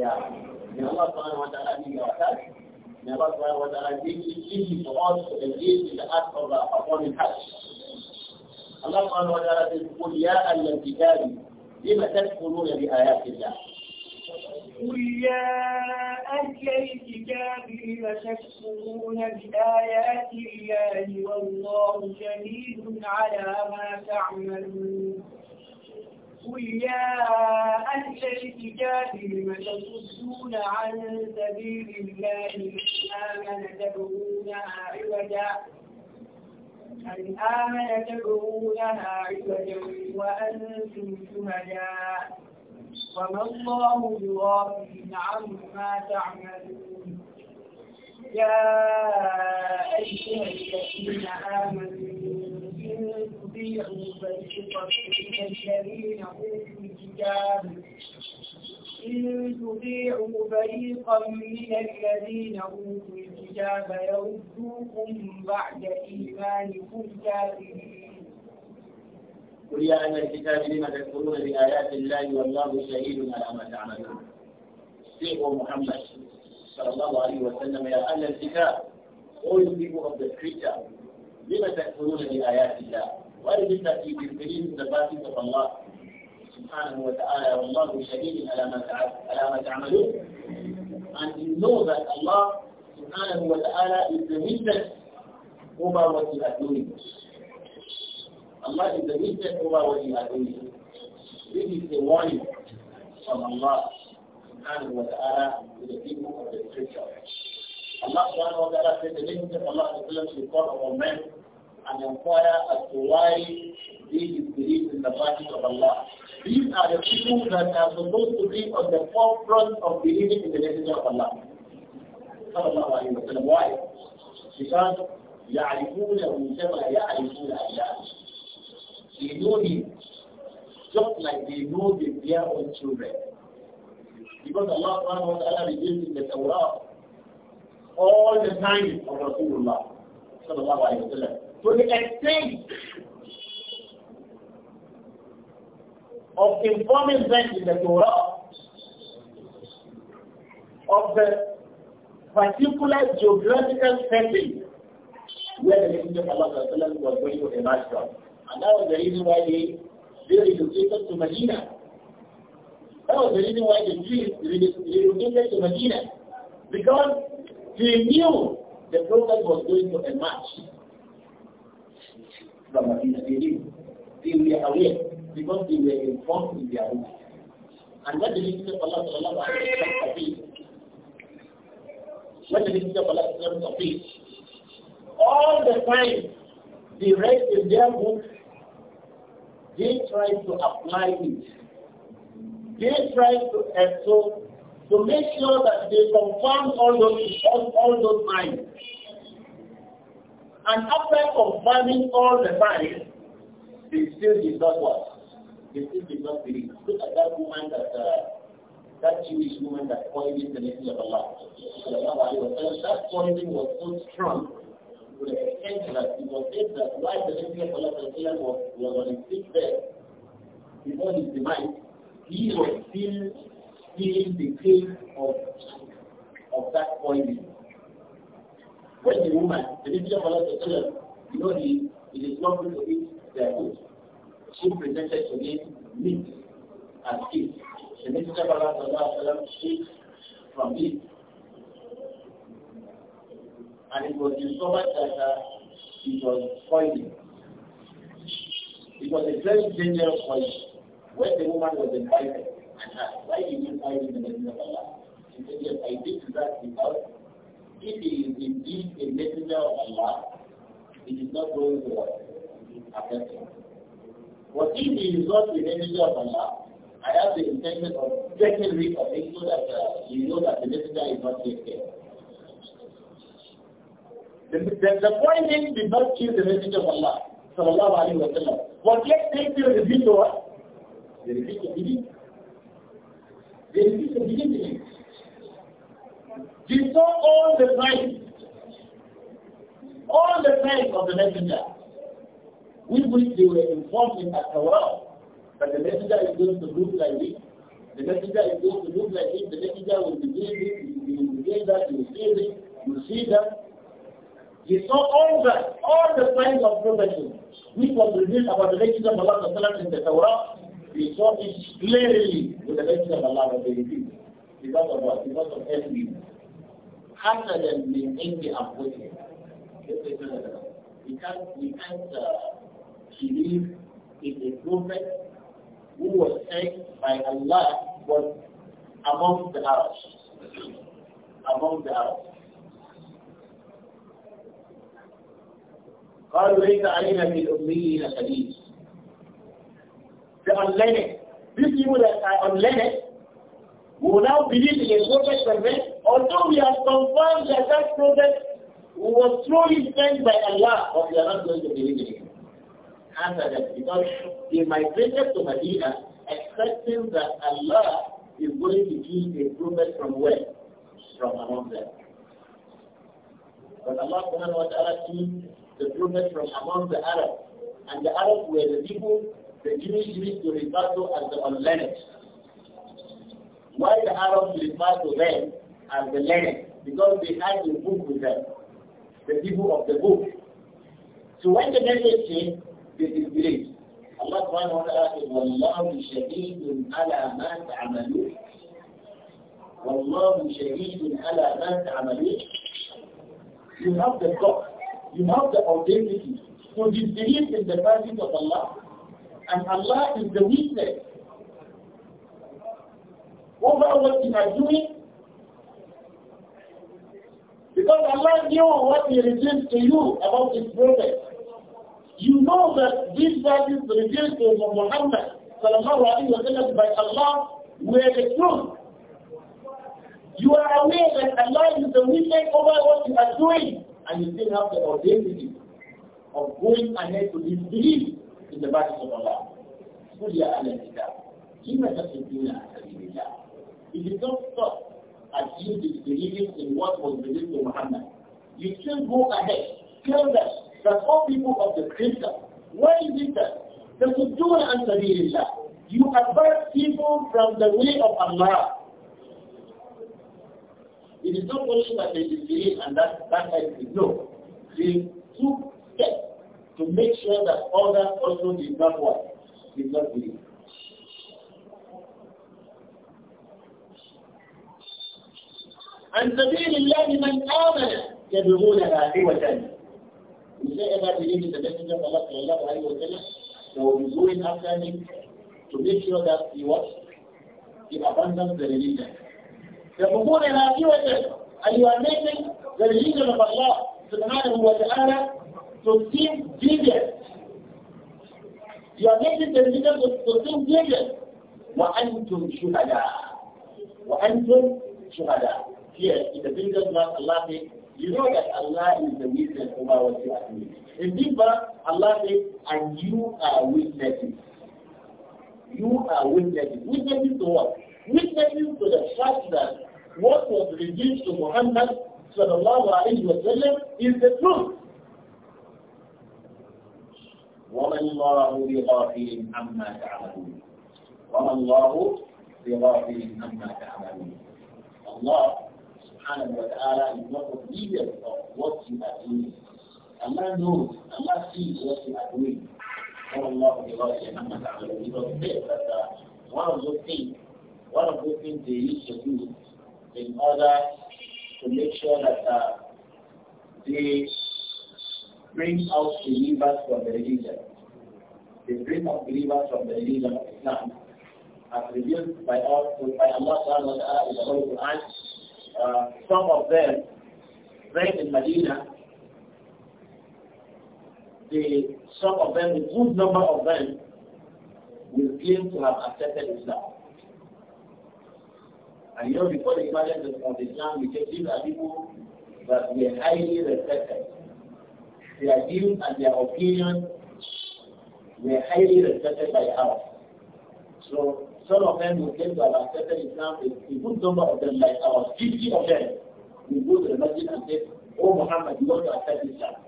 من الله سبحانه وتعالى به من الله سبحانه وتعالى به الحج الله سبحانه وتعالى يقول يا أهل الكتاب لم تكفرون بآيات الله قل يا أهل الكتاب لم تكفرون بآيات الله والله شهيد على ما تعملون قل يا أهل الكتاب لم تصدون عن سبيل الله آمن تبغونها عوجا أن آمن تبغونها عوجا وأنتم شهداء وما الله بغافل عما تعملون يا أيها الذين آمنوا نذير فريقا من الذين اوتوا الكتاب إن تطيعوا فريقا من الذين أوتوا الكتاب يردوكم بعد إيمانكم كافرين قل يا أهل الكتاب لم تكفرون بآيات الله والله شهيد على ما تعملون سيقوا محمد صلى الله عليه وسلم يا أهل الكتاب قل people of the creature لم تكفرون بآيات الله What is it that you disbelieve in the verses of Allah subhanahu wa ta'ala, Wallahu And you know that Allah subhanahu wa ta'ala is the witness over what you are doing. Allah is the witness over what you are doing. This is the warning from Allah subhanahu wa ta'ala to the people of the scripture. Allah subhanahu wa ta'ala said the witness of Allah is the witness of all men and inquire as to why they disbelieve in the magic of Allah. These are the people that are supposed to be on the forefront of believing in the messenger of Allah. Why? Because يعرفونه كما يعرفون أبناءهم. They know him just like they know their own children. Because Allah subhanahu wa ta'ala reveals in the Torah all the time of Rasulullah sallallahu alayhi wa sallam to the extent of informing them in the Torah of the particular geographical setting where the Messenger of Allah was going to emerge from. And that was the reason why they relocated to Medina. That was the reason why the Jews relocated to Medina. Because they knew the Prophet was going to emerge from Medina. They did. They were aware because they were informed in their own. And when the Messenger of Allah sallallahu alayhi wa sallam when the Messenger of Allah sallallahu alayhi wa all the time they read in their book, they tried to apply it. They tried to, uh, to, to make sure that they confirm all those, all, all those minds. And after confirming all the signs, they still did not what? They still did not believe. Look at that woman that, uh, that Jewish woman that poisoned the name of Allah. That poison was so strong to the extent that it was said that while the Messenger of Allah was, was on his sick bed, before his demise, he was still feeling the pain of, of that poison. When the woman, the Messenger of Allah, you know, he, he is not good to eat their food. She presented to him meat and gift. The Messenger of Allah ate from it. And it was discovered that uh, it was poison. It was a very dangerous poison. When the woman was invited and asked, why did you poison the Messenger of Allah? She said, yes, I did that without if he is indeed a messenger of Allah, he is not going to affect him. But if he is not a messenger of Allah, I have the intention of getting rid of him so that uh, you know that the messenger is not yet The, the, the point is, did not kill the messenger of Allah, sallallahu alayhi wa sallam. But yet they still refuse to what? They refuse to believe. They refuse to believe in him before all the signs, all the signs of the messenger, with which they were informed in Akawal, that the messenger is going to look like this, the messenger is going to look like this, the messenger will be doing this, he will be doing that, he will see this, he will see that. He saw all that, all the signs of perfection, which was revealed about the messenger of Allah in the Torah, he saw it clearly with the messenger of Allah that they revealed. Because of what? Because of everything hasadan min inda abuwa we can't we can't uh, believe in a prophet who was sent by Allah was among the Arabs among the Arabs قالوا ليس علينا في الأميين سبيل The unlearned, these people that are unlearned who now believe in a prophet from Although we have confirmed that that prophet was truly sent by Allah, but we are not going to believe in him. Answer that because they migrated to Medina expecting that Allah is going to give a prophet from where? From among them. But Allah subhanahu wa ta'ala the prophet from among the Arabs. And the Arabs were the people the Jewish used to refer to as the unlearned. Why the Arabs refer to them and the learned because they had the book with them, the people of the book. So when the message came, they disbelieved. Allah subhanahu wa ta'ala said, وَاللَّهُ شَهِيدٌ عَلَى مَا تَعْمَلُونَ وَاللَّهُ شَهِيدٌ عَلَى مَا تَعْمَلُونَ You have the God, you have the audacity to disbelieve in the presence of Allah, and Allah is the witness over what you are doing Because Allah knew what He revealed to you about His Prophet. You know that these verses revealed to Muhammad sallallahu alayhi wa sallam by Allah were the truth. You are aware that Allah is the witness over what you are doing and you still have the audacity of going ahead to disbelieve in the verses of Allah. It is not stop and you is believing in what was believed in Muhammad. You still go ahead, tell them that all people of the scripture, why is it that the Sudur and Sabilillah, you avert people from the way of Allah. It is not only that they disbelieve and that that is know. They took steps to make sure that others also did not what? Did not believe. عن سبيل الله من آمن يبغونها عوجا Instead of believing the Messenger of Allah sallallahu alayhi wa sallam, they will be going after him to make sure that he what? He abandons the religion. يبغون عوجا and you are making the religion of Allah subhanahu wa ta'ala to seem deviant. You are making the religion to, to seem deviant. وأنتم شهداء وأنتم شهداء Here, in the kingdom of Allah says, you know that Allah is the witness over what you are doing. In Bimba, Allah says, and you are witnesses. You are witnesses. Witnesses to what? Witnesses to the fact that what was revealed to Muhammad sallallahu alayhi wa sallam is the truth. وما الله بغافل عما تعملون وما الله بغافل عما تعملون الله subhanahu wa ta'ala is not oblivious of what you are doing. Allah knows, Allah sees what you are doing. Because uh, one of those things, one of those things they used to do in order to make sure that uh, they bring out believers from the religion. They bring out believers from the religion of Islam, as revealed by, us, by Allah subhanahu wa ta'ala in the Holy Quran. Uh, some of them right in Medina, the, some of them, a good number of them, will claim to have accepted Islam. And you know, before the emergence of Islam, we can see that people that were highly respected. Their views and their opinions were highly respected by us. So some of them will came to have accepted Islam, a good number of them, like about 50 of them, will go to the masjid and say, Oh Muhammad, you want to accept Islam?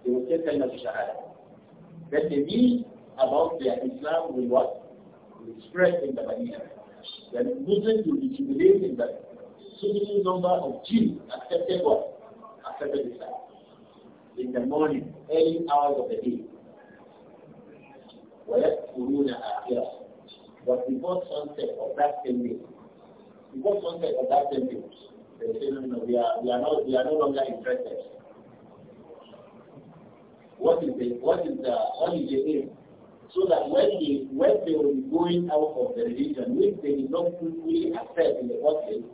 They will say kalma to shahada. Then the need about their Islam will what? Will spread in the Medina. Then Muslims will be jubilated in the significant number of Jews accepted what? Accepted Islam. In the morning, early hours of the day. ويدخلون آخرة but before sunset of that same day, before sunset of that same day, they say, no, no, we are, we are, not, we are no longer interested. What is the, what is the, what is the aim? So that when they, when they will be going out of the religion, which they did not fully accept in the first place,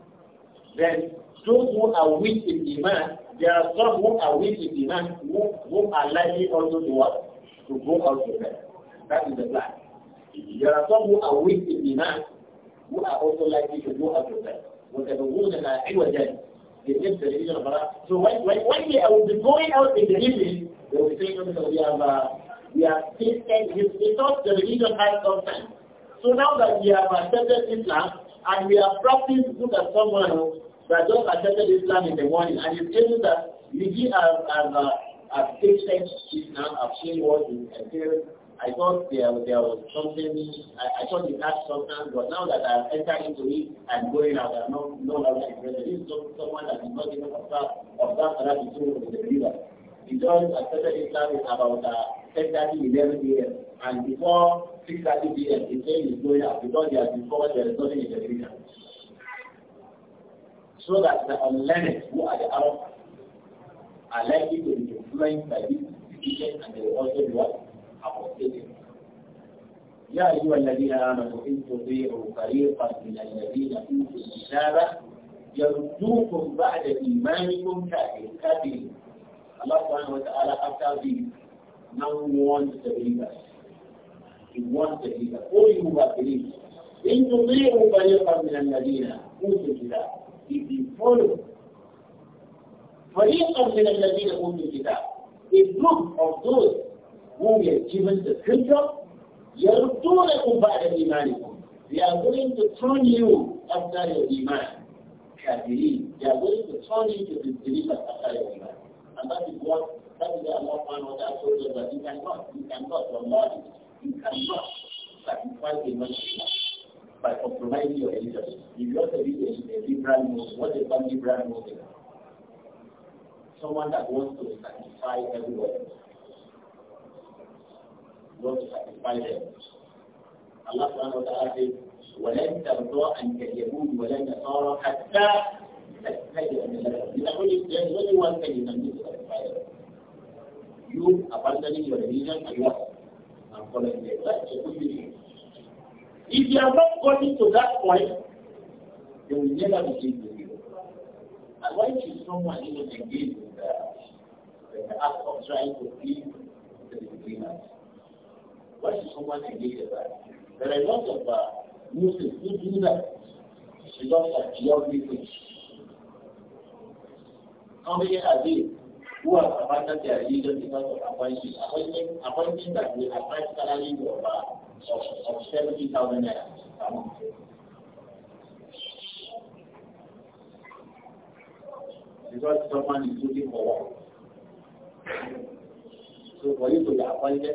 then those who are weak in demand, there are some who are weak in demand who, who are likely also to what? To go out of them. That is the plan. There are some who are weak in Iman, who are also likely to go out of that. وتبغوننا they against the religion of Allah. So when, when, when they will be going out in the evening, they will say, no, we have, uh, we have tasted They thought the religion has something. So now that we have accepted Islam, and we have practiced look at someone who that just accepted Islam in the morning, and it's able that uh, we have, have, uh, have tasted Islam, have seen what we experienced, I thought there, there was something, I, I thought it had something, but now that I've entered into it, I'm going out, I'm no, no longer interested. This is someone that is not even observed, observed that is true with the believer. Because certain Islam is about uh, 10 30, 11 a.m. And before 6 30 p.m., the train is going out because they have discovered there is nothing in the religion. So that the unlearned who are the Arabs are likely to be influenced by this decision and they will also be what? يا أيها الذين آمنوا إن تطيعوا فريقا من الذين أوتوا الكتاب يردوكم بعد إيمانكم كافرين Allah الله سبحانه وتعالى after this now wants the believers. He wants the believers. إن تطيعوا فريقا من الذين أوتوا الكتاب if you follow فريقا من الذين أوتوا الكتاب a group of those the achievement of the future, يَرْضُونَكُمْ بَعْدَ إِيمَانِكُمْ They are going to turn you after your iman. Kafirin. They are going to turn you to disbelievers after your iman. And that is what, that is what Allah subhanahu wa told us that you cannot, you cannot, Allah, you cannot sacrifice the iman by compromising your allegiance. If you want to be a, a liberal Muslim, what is a liberal Muslim? Someone that wants to sacrifice everybody not satisfy them. Allah subhanahu wa ta'ala says, ولن ترضى عنك اليهود ولا النصارى حتى There is only one thing you can do to satisfy them. You abandoning your religion and what? And following them. That's a good thing. If you are not going to that point, they will never be pleased with you. And why should someone even engage with the, the act of trying to please the disagreement? versus someone in need There are a lot of uh, Muslims who do that. She looks at How many are they who have abandoned their religion because of appointing appointing appointing that will assign salary of, uh, of, of 70,000 naira Because someone is looking for work. So for you to be appointed,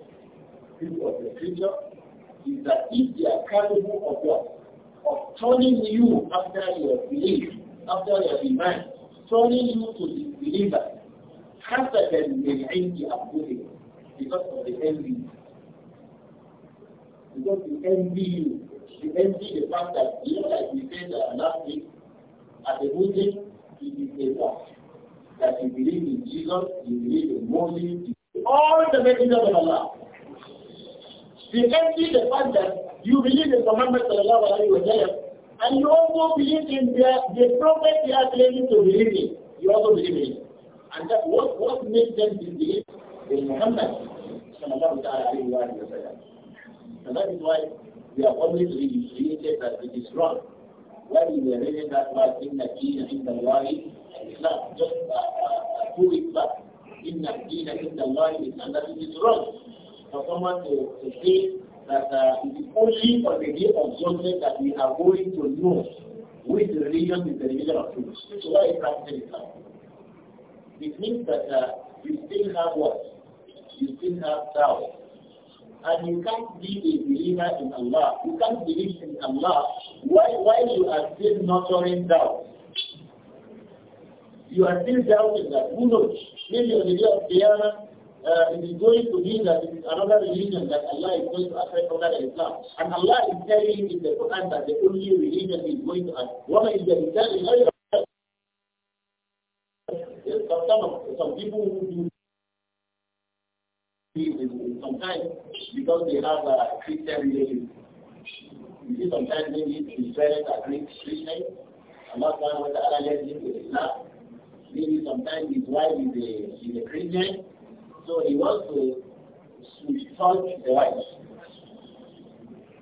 people of the future is that if they are capable of what? Of turning you after your belief, after your demand, turning you to the believer, حسدا من عند أنفسهم because of the envy. Because the envy you. the envy the fact that, you know, like we said uh, last week, at a Muslim, it is a what? That you believe in Jesus, you believe in Moses, all the messengers of Allah. You can see the fact that you believe in Muhammad sallallahu alayhi wa sallam, and you also believe in the, the prophet they are claiming to believe in. You also believe in. And that what, what makes them believe in Muhammad sallallahu alayhi wa sallam. And that is why we are always reiterated that it is wrong. When we are reading that word, in the deen, in the law, Islam, just a uh, uh, uh, two weeks back, inna the deen, in and that it is wrong for someone to, to say that uh, it is only for the day of judgment that we are going to know which religion is the religion of truth. So that is practically Islam. It means that uh, you still have what? You still have doubt. And you can't be a believer in Allah. You can't believe in Allah while, while you are still nurturing doubt. You are still doubting that. Who knows? Maybe on the day of Qiyamah, uh, it is going to mean that it is another religion that Allah is going to accept other than Islam. And Allah is telling in the Quran that the only religion is going to accept. What is the religion? Some, some people who do sometimes because they have a Christian religion. You see, sometimes maybe his parents are Christian, and that's why when the other led him to Islam. Maybe sometimes his wife is a, is a Christian, so he wants to switch the wife.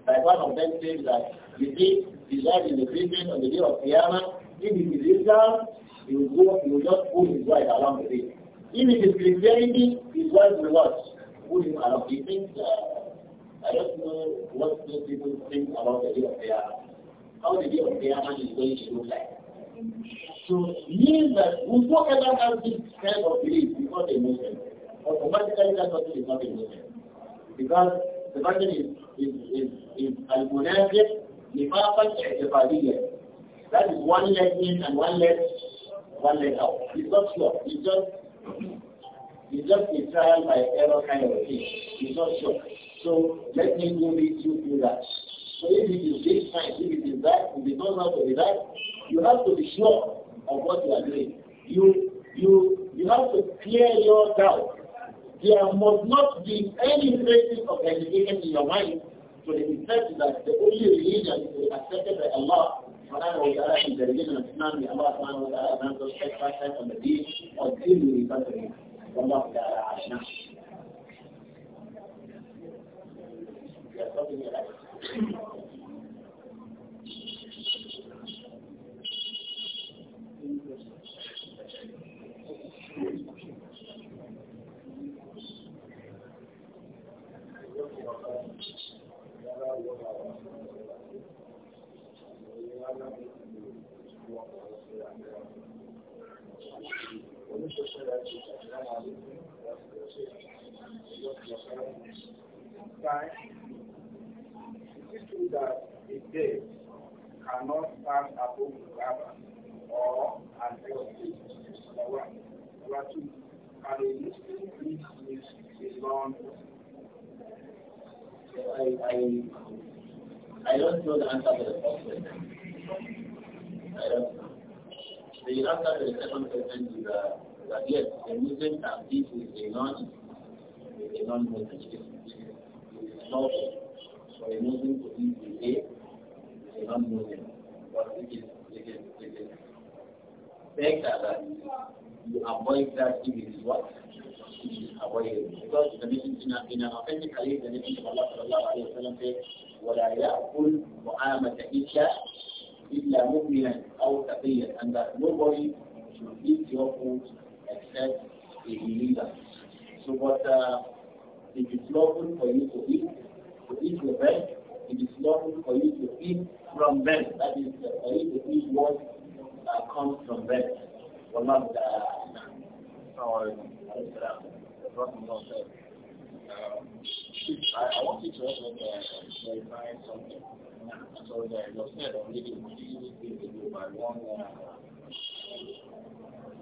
Like one of them says that, he did. his in the a Christian on the day of Qiyamah. If it is Islam, he will, go, he will just pull his wife along the way. If it is Christianity, his wife will what? Pull him along. He thinks, uh, I don't know what those people think about the day of Qiyamah. How the day of Qiyamah is going to look like. So means that whosoever has this kind of belief because they Muslim, automatically that person is not a Muslim. Because the person is, is, is, is al-munafiq nifaqan i'tifadiyya. That is one leg in and one leg, one leg out. It's not sure. It's just, it's just a trial by error kind of thing. It's not sure. So let me do this, you through that. So if it is this fine, if it is that, if it knows how to be that, you have to be sure of what you are doing. You you you have to clear your doubt there must not be any traces of education in your mind to the effect that the only religion is accepted by Allah subhanahu wa is the religion of Allah the of time, it is that it day cannot stand above the or an elderly. Number a I, I, I don't know the answer to the first question. I don't know. The answer to the second question is uh, that yes, a Muslim can live with a non-Muslim lost for a Muslim to leave the is a non-Muslim. But it is, it is, it is better that you avoid that if it is what? Because the message in, an authentic the message of Allah sallallahu alayhi wa sallam says, وَلَا يَأْكُلْ طَعَامَكَ إِلَّا إِلَّا مُؤْمِنًا أَوْ تَقِيًّا And that nobody should eat your food except a believer. So what uh, it is lawful for you to eat, to eat the bread, it is lawful for you to eat from them. That is, uh, for you to eat what uh, comes from them. Wallahu ta'ala. Um, I, uh, I want you to help clarify something. Um, so that was said already, we usually think to by one uh,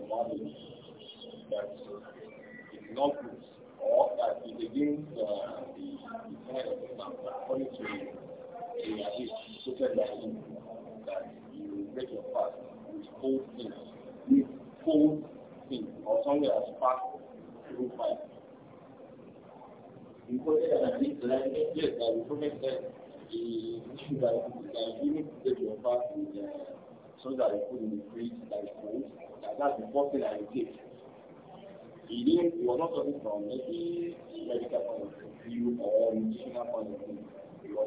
one That is not good or that is against uh, the, the kind of Islam according to the hadith quoted by him that you break your fast with cold things, with cold things, or something that's fast through fire. You quoted an hadith like this, yes, that the Prophet said, the issue that you need to take your fast with uh, so that you put in the fridge that is cold, that that's the first thing that you take. You you are not talking from view are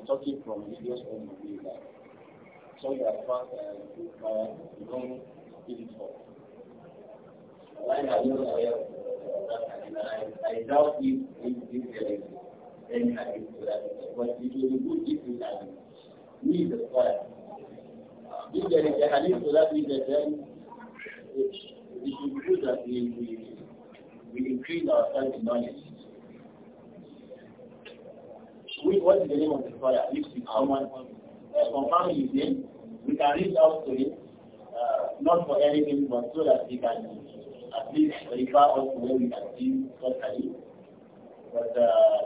talking from of view. so don't uh, doubt if this is any habit to that. But it will be good if we have the fire. Uh, if there is a habit to that, then it is good that we we increase ourselves in knowledge. We, what is the name of the scholar? If someone confirm his name, we can reach out to him, uh, not for anything, but so that he can at least refer us to where we can see what can do. But uh,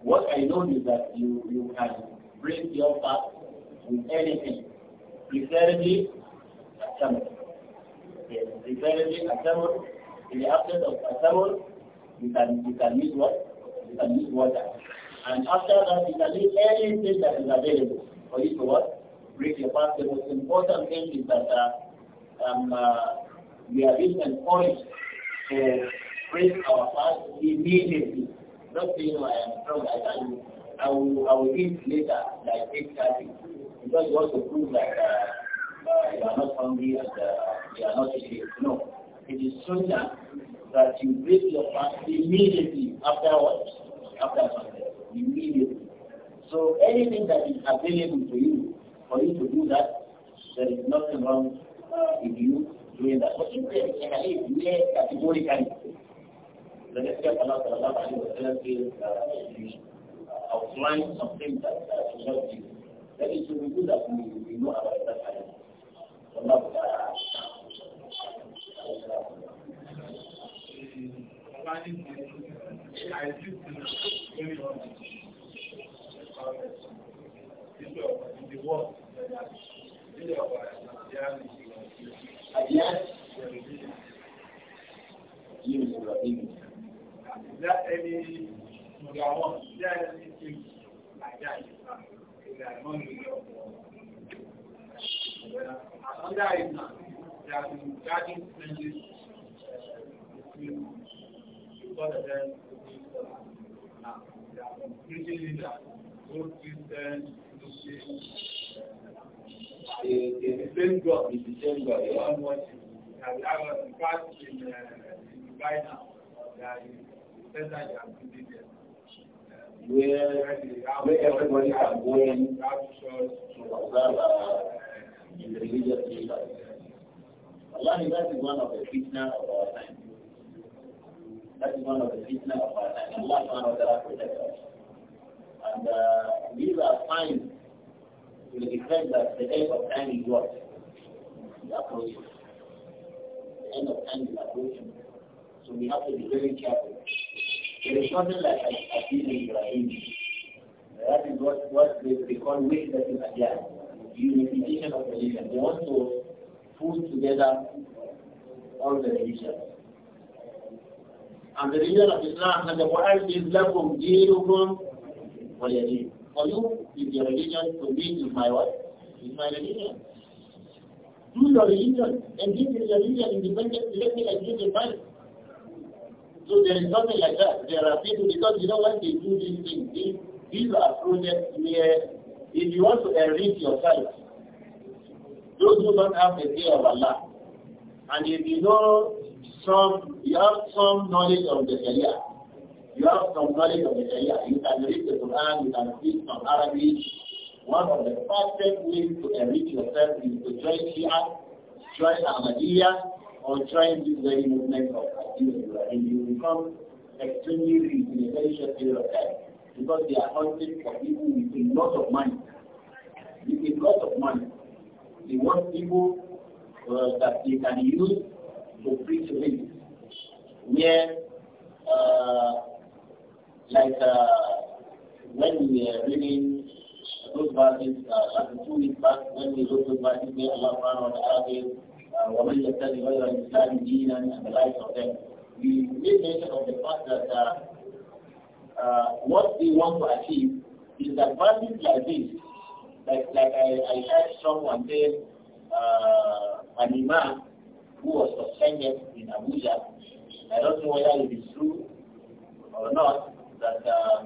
what I know is that you, you can bring your part with anything, preferably a camel. Okay, preferably a camel in the absence of salmon, you can you can use what? You can use water. And after that, you can use anything that is available for you to what? Break your fast. The most important thing is that uh, um, uh, we are being encouraged to break our fast immediately. Not saying oh, I am strong, I can I will, I will eat later, like 8.30, because you want to prove that uh, you are not hungry and uh, you are not eating. No it is sunnah that you break your fast immediately afterwards, after Sunday, immediately. So anything that is available to you, for you to do that, there is nothing wrong with you doing that. But if categorically, the Allah that uh, help you, that we, we know about that planning I very in the world Yes is than usually the old Christian, the same God is the same God. You don't want We have a in Dubai now that is the you have to be there. Where, where everybody can go to observe uh, religious leaders. Allah, one of the fitna of our time. That is one of the fitna of our time. Allah subhanahu wa ta'ala protect us. And uh, these are signs to the extent that the end of time is what? The approaching. The end of time is approaching. So we have to be very careful. There is nothing like Abdul Ibrahim. That is what, what they, they call witnessing again. Unification of religion. They want to pull together all the religions. And the religion of Islam and the Quran is lakum dinukum waliyadin. For you is your religion, to me is my wife, is my religion. Do your religion and give your religion independent, let me agree with mine. So there is nothing like that. There are people, because you know when they do these things, these, these are projects where if you want to enrich yourself, those who don't have the fear of Allah, and if you know some, you have some knowledge of the area. You have some knowledge of the area. You can read the Quran, you can read some Arabic. One of the fastest ways to enrich yourself is to join Shia, join Ahmadiyya, or join this very movement of Ahmadiyya. And you become extremely rich in a very short period of time because they are hunting for people with a lot of money. With a lot of money. They want people uh, that they can use to preach with, where, uh, like, uh, when we are reading those verses, uh, like two weeks back, when we wrote those verses, where Allah subhanahu wa ta'ala gave, uh, وَمَنْ يَتَّلِ غَيْرَ الْإِسْلَامِ دِينًا and the likes of them, we made mention of the fact that uh, uh, what we want to achieve is that verses like this, like, like I, I heard someone say, uh, an imam who was suspended in Abuja. I don't know whether it is true or not, that uh,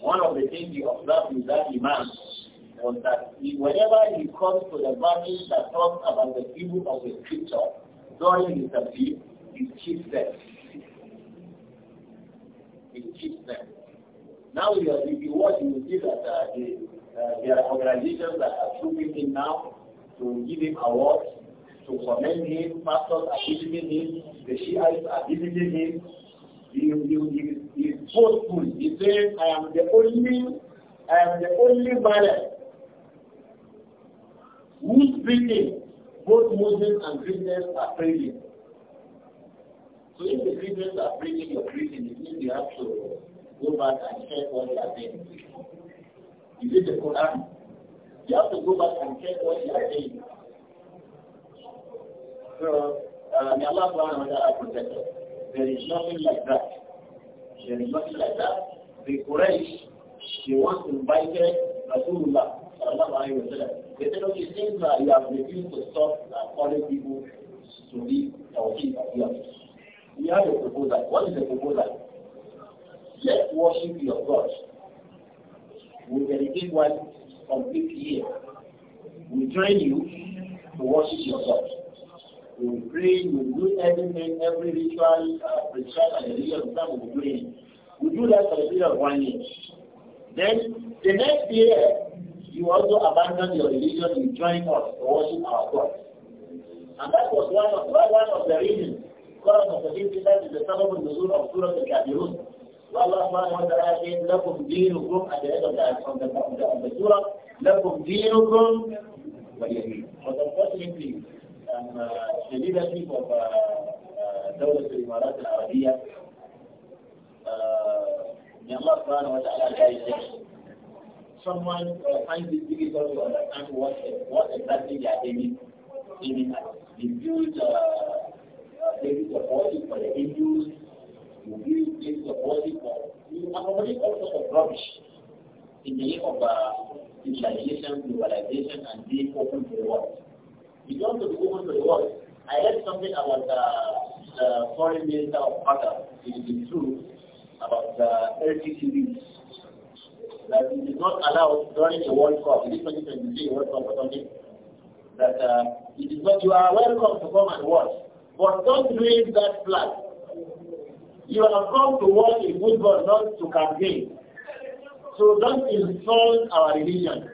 one of the things he observed with that imam was that he, whenever he comes to the verses that talk about the evil of the scripture during his appeal, he keeps them. He keeps them. Now, if you watch, you will see that uh, the, uh, there are organizations that are trooping him now to give him awards to commend him, pastors are visiting him, the Shiites are visiting him. He, he, he, he is boastful. He says, I am the only, I am the only man who's preaching. Both Muslims and Christians are praying. So if the Christians are preaching your preaching, it means you have to go back and check what they are saying. Is it the Quran? You have to go back and check what they are saying. So, uh, may Allah subhanahu wa ta'ala protect us. There is nothing like that. There is nothing like that. The Quraysh, they once invited Rasulullah sallallahu alayhi wa sallam. They said, okay, since uh, you have refused to stop uh, calling people to be our tawheed adherents, we have a proposal. What is the proposal? Let's worship your God. We dedicate one complete year. We train you to worship your God we pray, we do everything, every ritual, uh, ritual and religious time we it. We do that for a period of one year. Then the next year, you also abandon your religion, you join us to worship our God. And that was one of one of the reasons. Quran of the Fifth that is the Sabbath Nuzul of Surah Al-Kafirun. Allah subhanahu wa ta'ala says, لَكُمْ دِينُكُمْ at the end of the, of the, of the, of the Surah, لَكُمْ دِينُكُمْ وَلِيَدِينُ. But unfortunately, and the leadership of Dawlat al arabiya may Allah subhanahu wa ta'ala guide Someone finds it difficult to understand what, what exactly they are aiming, aiming at. The build uh, of for the Hindus, the build basis of for, the accommodate also sorts rubbish in the name of uh, globalization and being open to the world belong to the women to the world. I read something about uh, the foreign minister of Qatar, it is true, about uh, LGTB. That it is not allowed during the World Cup, it is 2023 World Cup or something, that uh, it is not, you are welcome to come and watch, but don't raise that flag. You have come to watch a football, not to campaign. So don't insult our religion.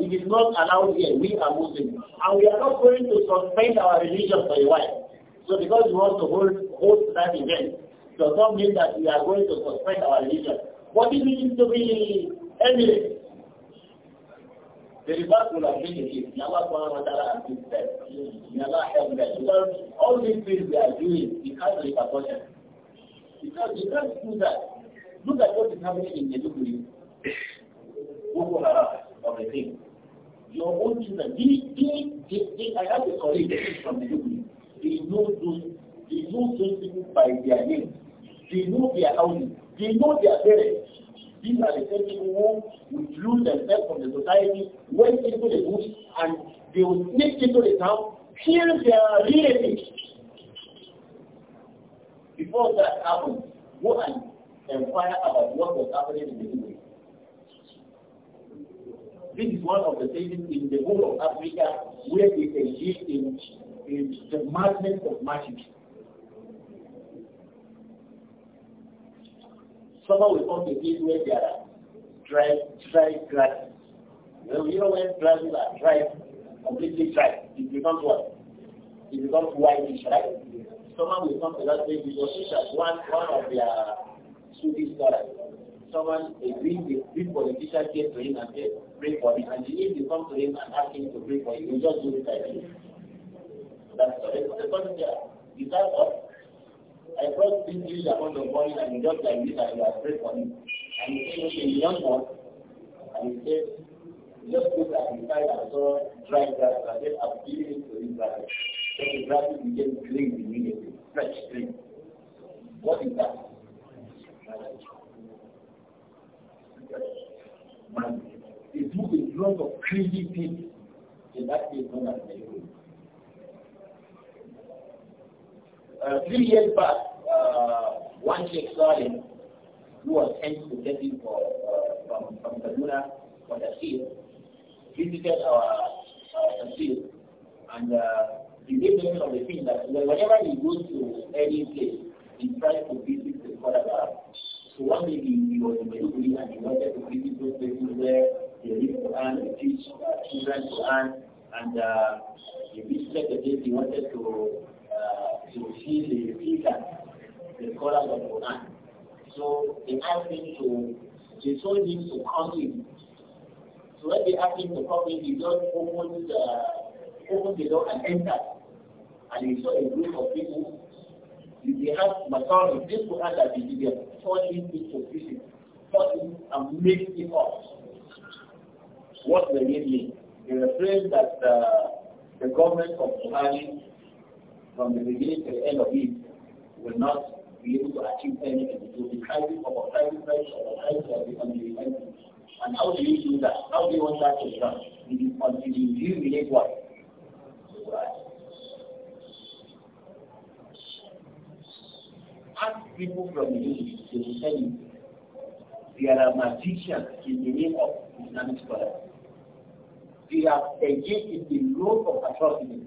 It is not allowed here. We are Muslims. And we are not going to suspend our religion for a while. So because we want to hold, hold that event, does not mean that we are going to suspend our religion. What it means to be emulate. The reverse will have been it. May Allah subhanahu wa Allah help Because all these things we are doing, it has repercussions. Because you can't do that. Look at what is happening in Maiduguri. Boko Haram of the thing your own children. They, they, they, they I have a colleague from the They know those, they know those people by their name. They know their house. They know their parents. These are the same people who withdrew themselves from the society, went into the bush, and they will sneak into the town, kill their relatives. Before that happens, go and inquire about what was happening in the woods. This is one of the things in the whole of Africa where they engage in, in the madness of magic. Summer will come to this where there are dry, dry grasses. Well, you know when grasses are dry, completely dry, it becomes what? It becomes whitish, right? Summer will come to that place because this is one, one of their Sufi scholars someone, a green, a green politician came to him and said, pray for me. And if you come to him and ask him to pray for you, you just do it like this. That's correct. The person there, is that what? I brought this news upon the morning and just like this, and you have prayed for me. And he said, okay, you don't want. And he said, just put that inside, and saw dry grass. And I said, I'm giving it to him grass. Then the grass became clean immediately, fresh clean. What is that? man. They do a lot of crazy things in that is known as Nehru. Uh, three years back, uh, one Sheikh Salim, who was sent to Delhi for, uh, from, from Kaduna for the seal, visited our uh, seal and uh, the definition of the thing that whenever he goes to any place, he tries to visit the Kodaba one day he, was in and he wanted to visit those places where they read Quran, they teach children Quran, and uh, he visited the place he wanted to uh, to see the speaker, the scholars of Quran. So they asked him to, they told him to come in. So when they asked him to come in, he just opened, opened the door and entered. And he saw a group of people if they have they this Quran that they give them, turning it to pieces, turning and making it up. What they really They refrain that the, uh, the government of Buhari, from the beginning to the end of it, will not be able to achieve anything. It will be crying for private rights or rights of the country. And how do you do that? How do you want that to run? It is until you eliminate what? Right. ask people from the East, they tell you They are magicians in the name of Islamic scholars. They are again in the role of atrocity,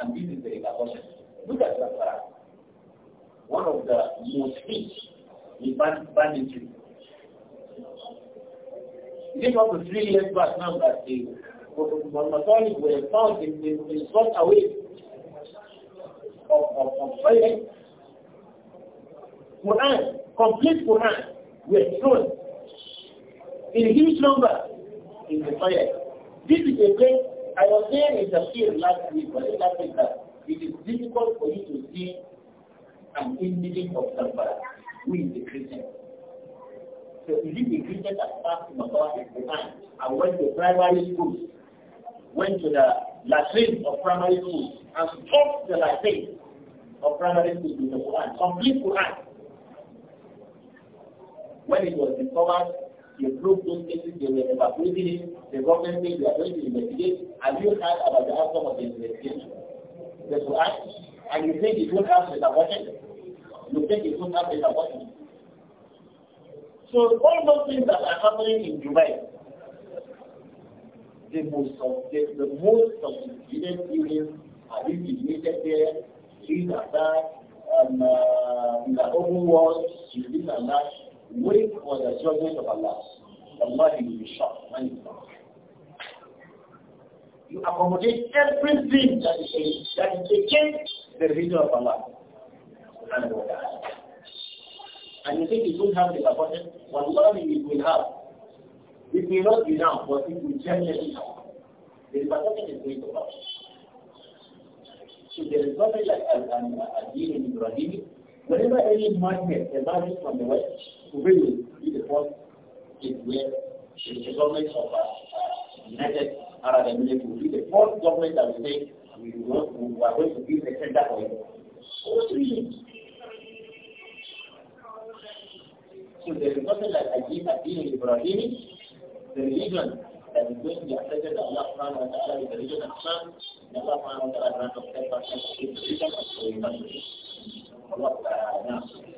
and this is the repercussion. Look at that Quran. One of the most rich in banditry. This was the three years back now that the Mormons were found in, in, in away of, of, of violence Quran, complete Quran, were thrown in huge number in the fire. This is a place I was saying in the field last week, or last that it is difficult for you to see an individual of somebody who is a Christian. So it is the Christian that starts to the Quran and went to primary schools, went to the latrine of primary schools and taught the latrine of primary schools with the Quran, complete Quran. When it was discovered, you proved those cases, they were evacuated, the government said they are going to investigate, and you heard about the outcome of the investigation. That's what and you think it won't have the abortion. You think it won't have the abortion. So all those things that are happening in Dubai, the most of the, the most sophisticated unions are being created there, these are that, and uh, in the open world, these and that wait for the judgment of Allah. Allah will be shocked when you You accommodate everything that is that is against the religion of Allah. And, and you think you don't have the disappointment? Wallahi, it will have. It may not be now, but it will generally have. The disappointment is going to come. So there is nothing like a deal in Ibrahim. Whenever any magnet emerges from the West, Kuwait will be the first state where the government of uh, the United Arab Emirates will be the first government that will say we, will, we are going to give a centre for it. three years. So there is nothing that I give are Ibrahim, the religion that is going to be accepted by Allah subhanahu wa ta'ala is the religion of Islam, and Allah subhanahu wa ta'ala grants us the religion of the Allah subhanahu wa ta'ala.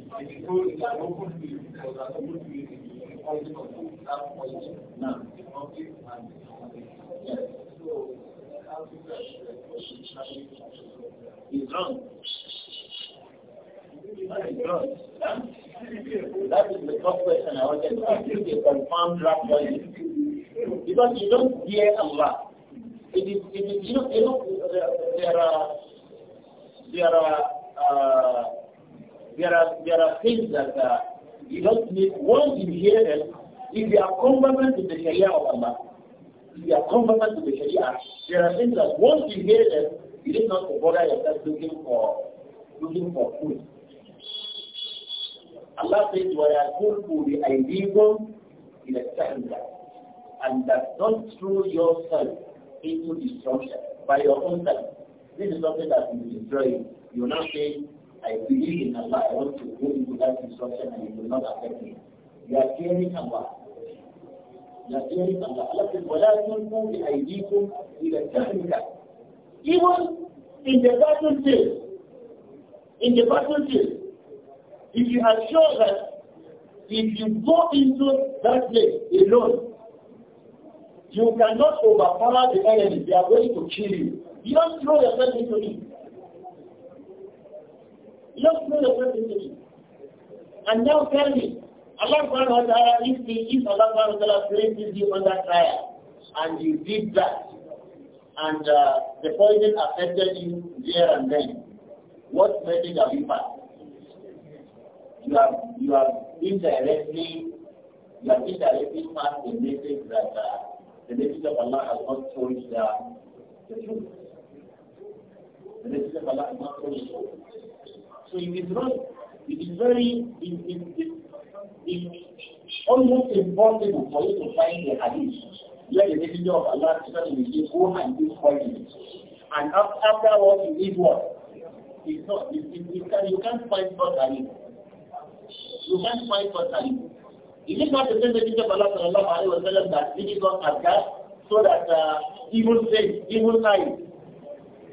you that's the first question I wanted to ask you to confirm that Because you don't hear Allah. It is, it is, you know, you know there, there are, there are, uh, there are there are things that uh, you don't need. Once you hear them, if you are conformant to the Sharia of Allah, if you are conformant to the Sharia, there are things that once you hear them, you need not to bother yourself looking for looking for food. Allah says, in بِأَيْدِيكُمْ إِلَى that, And that don't throw yourself into destruction by your own self. This is something that you destroy you. You're not saying, I believe in Allah, I want to go into that instruction and it will not affect me. You are fearing Allah. You are fearing Allah. Allah says, وَلَا تُلْقُوا بِأَيْدِيكُمْ إِلَى التَّهْلِكَةِ Even in the battlefield, in the battlefield, if you are sure that if you go into that place alone, you cannot overpower the enemy. They are going to kill you. You don't throw yourself into it. Not know the person to me. And now tell me, Allah subhanahu wa ta'ala, if, if Allah subhanahu wa ta'ala places you on that trial, and you did that, and uh, the poison affected you there and then, what message have you passed? You have, you have indirectly, you have indirectly passed the message that uh, the message of Allah has not told the, the truth. The message of Allah has not told the truth. So it is not, it is very, it, it, it, it almost impossible for you to find the hadith where the messenger of Allah especially will say, go and do poisoning. And after, what you eat what? It's not, it, it, it can, you can't find such hadith. You can't find such hadith. Is it not the same messenger of Allah sallallahu alayhi wa sallam that it is not as that so that uh, evil things, evil lies,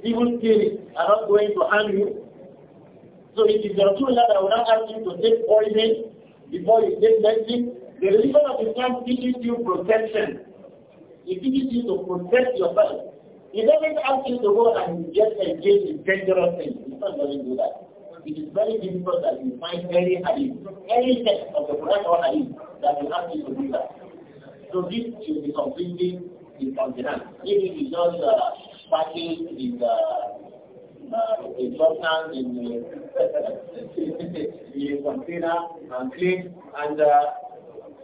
evil spirits are not going to harm you? So it is the Rasulullah that I would not ask you to take poison before you take medicine. The religion of Islam teaches you protection. It teaches you to protect yourself. It doesn't ask you to go and just engage in dangerous things. Islam doesn't do that. It is very difficult that you find any hadith, any text of the Quran or hadith that will ask you to do that. So this should be completely incontinent. If it is not uh, in the a substance in the container and clean. And uh,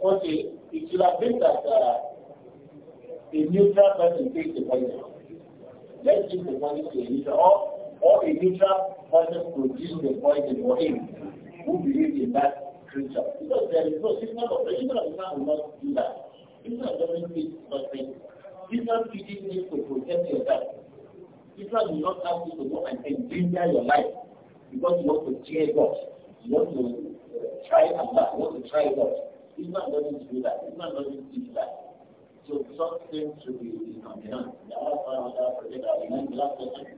okay, it should have been that uh, a neutral person takes the poison. Let's give the poison to a neutral, or, or a neutral person produce the poison for him. Who believes in that creature? Because there is no signal of the human of will not do that. Islam doesn't need such things. Islam teaches you to protect yourself. Islam will not ask you to go and endanger your life because you want to cheer God. You want to uh, try Allah. You want to try God. Islam doesn't do that. Islam doesn't teach that. So something should be condemned. Allah subhanahu our iman. last question.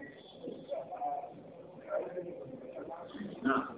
Now.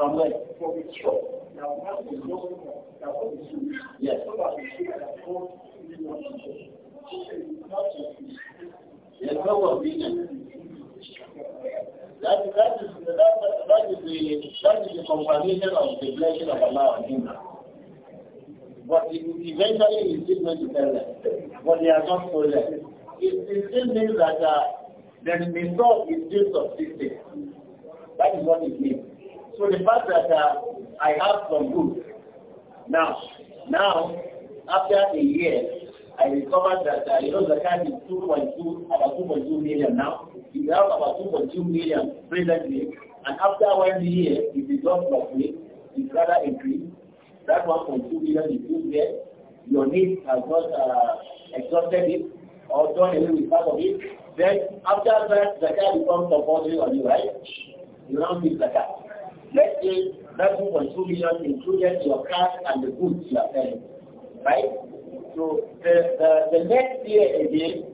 I'm like, for the Now, what is going on? Now, what is Yes. So that Yes, That, that, is, that, that, that, is the, that is the of the blessing of Allah and Him. But it, eventually, it's still going to tell them. But they are not told them. It, it still means that uh, the result is still subsisting. That is what it means. So the fact that uh, I have some good. Now, now, after a year, I discovered that uh, you know the cat is 2.2, about 2.2 million now. It has about 2.2 million presently, and after one year, it is you don't complete, it's rather increase. That 1.2 million is still there. Your needs has not uh, exhausted it or done away with part of it. Then after that, the account becomes compulsory on you, right? You now need the cat. Let's say that 2.2 million included your cars and the goods you are selling, right? So the, the, the next year again,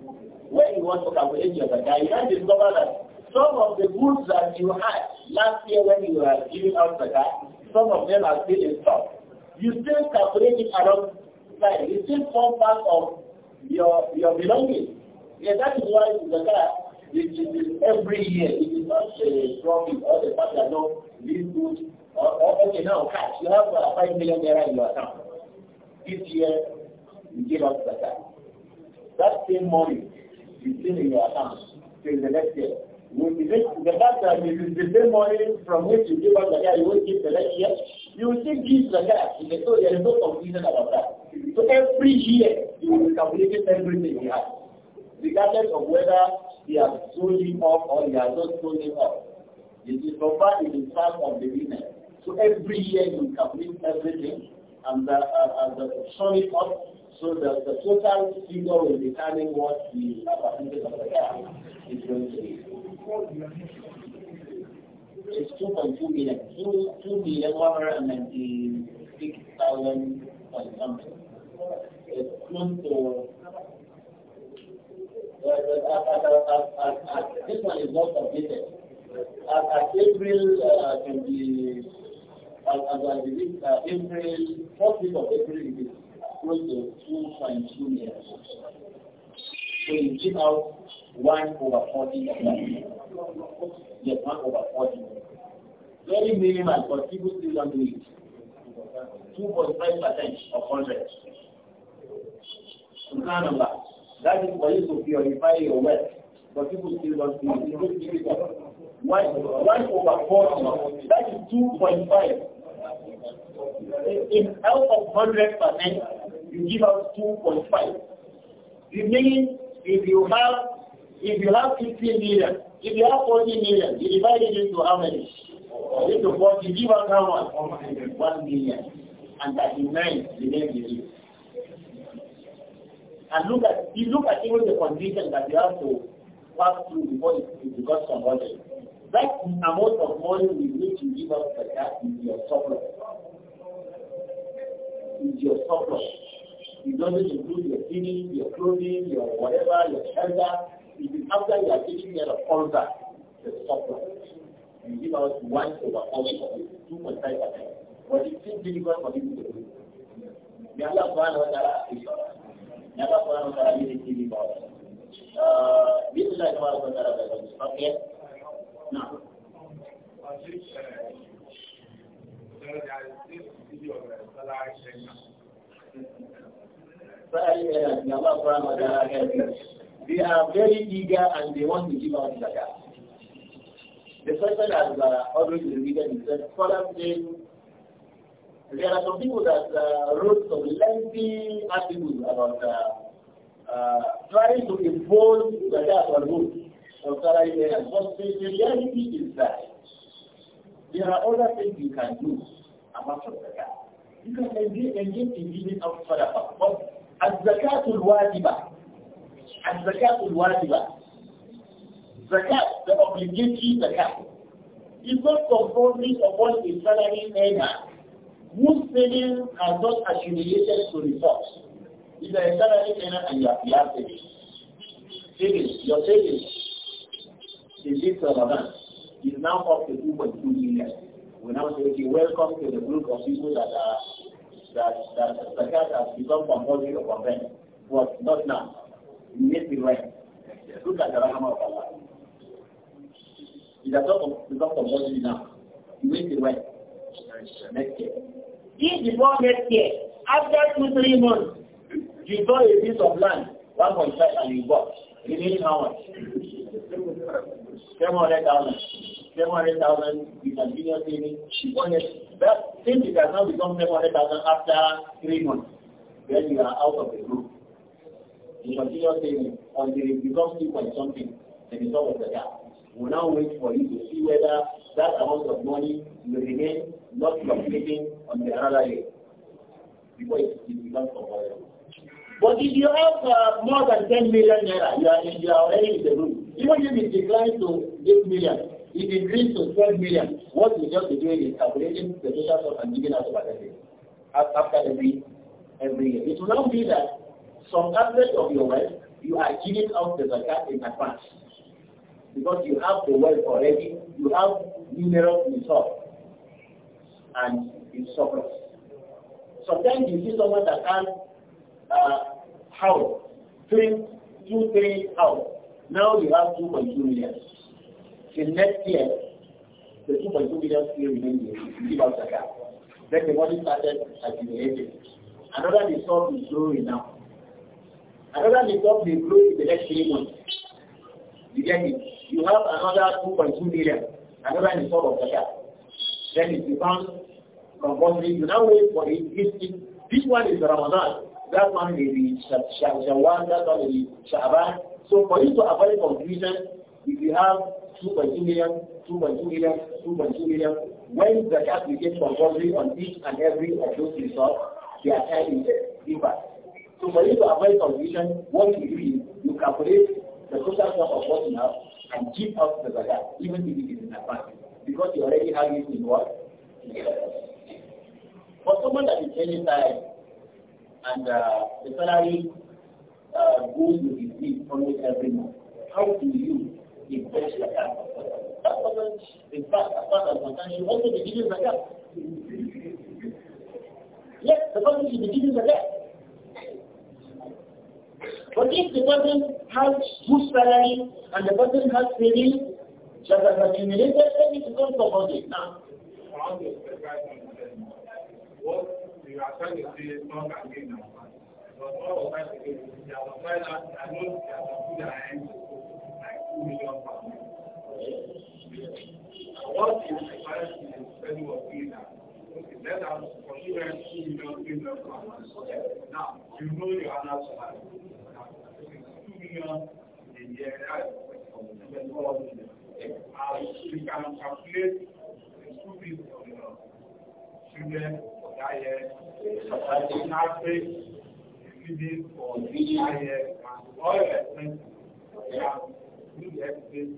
when you want to calculate your car, you can discover that some of the goods that you had last year when you were giving out the car, some of them are still in stock. You still calculate it around, like, you still form part of your, your belongings. Yeah, that is why the zakat it is every year. It is not a profit or the fact that no, leave good. Or, okay, now cash. You have uh, five million naira in your account. This year, you give us the cash. That same money is still in your account till the next year. Will be the fact that it is the same money from which you give us the cash, you will give the next year. You will still give the cash. So there is no confusion about that. So every year, you will calculate everything you have, regardless of whether you has sold him off or you has not sold him off. It is provided in charge of the winner. So every year you complete everything and the, uh, and the uh, sum it up so that the total figure will determine what the percentage of the is going to be. It's 2.2 million, 2, 2 million 196,000 point something. It's close to uh uh, uh, uh, uh, this one is not completed. As, uh, uh, April can uh, be, as, I believe, April, fourth week of April it is close to two point two million. So you give out one over forty million, Yes, one over forty million, Very minimal, but people still don't do it. Two point five percent of hundred. Subhanallah. That is for you to purify your wealth, but people still don't do it. 1 over four, that that is 2.5. In out of 100%, you give out 2.5. Remaining, if you have, if you have 15 million, if you have 40 million, you divide it into how many? Into 40, you give out how much? 1 million. And 39 remains with you. And look at, you look at even the condition that you have to pass through before it becomes converted. That amount of money with which you give us like that is your surplus. Is your surplus. It doesn't include your feeding, your clothing, your whatever, your shelter. It is after you are taking care of all that, the surplus. You give out one over all of it, 2.5 percent. But it seems difficult for people to do. May Allah subhanahu wa ta'ala is Allah subhanahu wa ta'ala to give out uh, this is like what i Okay? Now. They are very eager and they want to give out the zakat. The person has uh, always repeated is that scholars say there are some people that uh, wrote some lengthy articles about uh, uh, trying to impose the Jaffa rule of Sarai there, uh, but the reality is that there are other things you can do apart from zakat. You can engage, engage in giving out sadaqah, but الزكاة الواجبة الزكاة الواجبة zakat, the obligatory zakat, is not compulsory upon a salary earner whose savings are not accumulated to resource. إذا اشترى لدينا أن يعطي savings, your savings in this Ramadan is now up to 2.2 million. We now say, okay, welcome to the group of people that are that that zakat has become compulsory upon them. But not now. You need to rent. Look at the rahmah of Allah. It has not become compulsory now. You need to rent next year. If before next year, after two, three months, you bought a piece of land, 1.5 and you bought. You need how much? 700,000. 700,000, you continue saving. That since it has now become 700,000 after three months, then you are out of the group. You continue saving until it becomes 2 point something, the it's over the gap. we now wait for you to see whether that amount of money will remain not completing on the another day before it becomes avoidable. But if you have uh, more than 10 million naira, you are, you are already in the room. Even if it declines to 8 million, it increases to 12 million, what you just be doing is calculating the total sum and giving out over every after every every year. It will not be that some aspect of your wealth, you are giving out the zakat in advance. Because you have the wealth already, you have mineral resource and it's surplus. Sometimes you see someone that has uh, house, three, two, three house. Now you have 2.2 million. In next year, the 2.2 million still remains. there. Give out the gap. Then the money started accumulating. Another result is growing now. Another result is growing in the next three months. You get it? You have another 2.2 million. Another result of the gap. Then it becomes compulsory. You now wait for it. This one is Ramadan that one may be Shawwal, that one may be Sha'ban. So for you to avoid confusion, if you have 2.2 million, 2.2 million, 2.2 million, when the cash becomes compulsory on each and every of those results, their time is impact. So for you to avoid confusion, what you do is you calculate the total sum of what you have and keep up the zakat, even if it is in advance, because you already have it in what? For someone that is changing time, and uh, the salary uh, goes to his need almost every month. How do you invest your cash? That doesn't, in fact, as far as concerned, you also be giving zakat. Yes, the person is be giving zakat. But if the person has good salary and the person has savings, just as accumulated, then it becomes compulsory. Now, you What is the of you the can calculate the ayẹ traditional living for that was like ten not only that she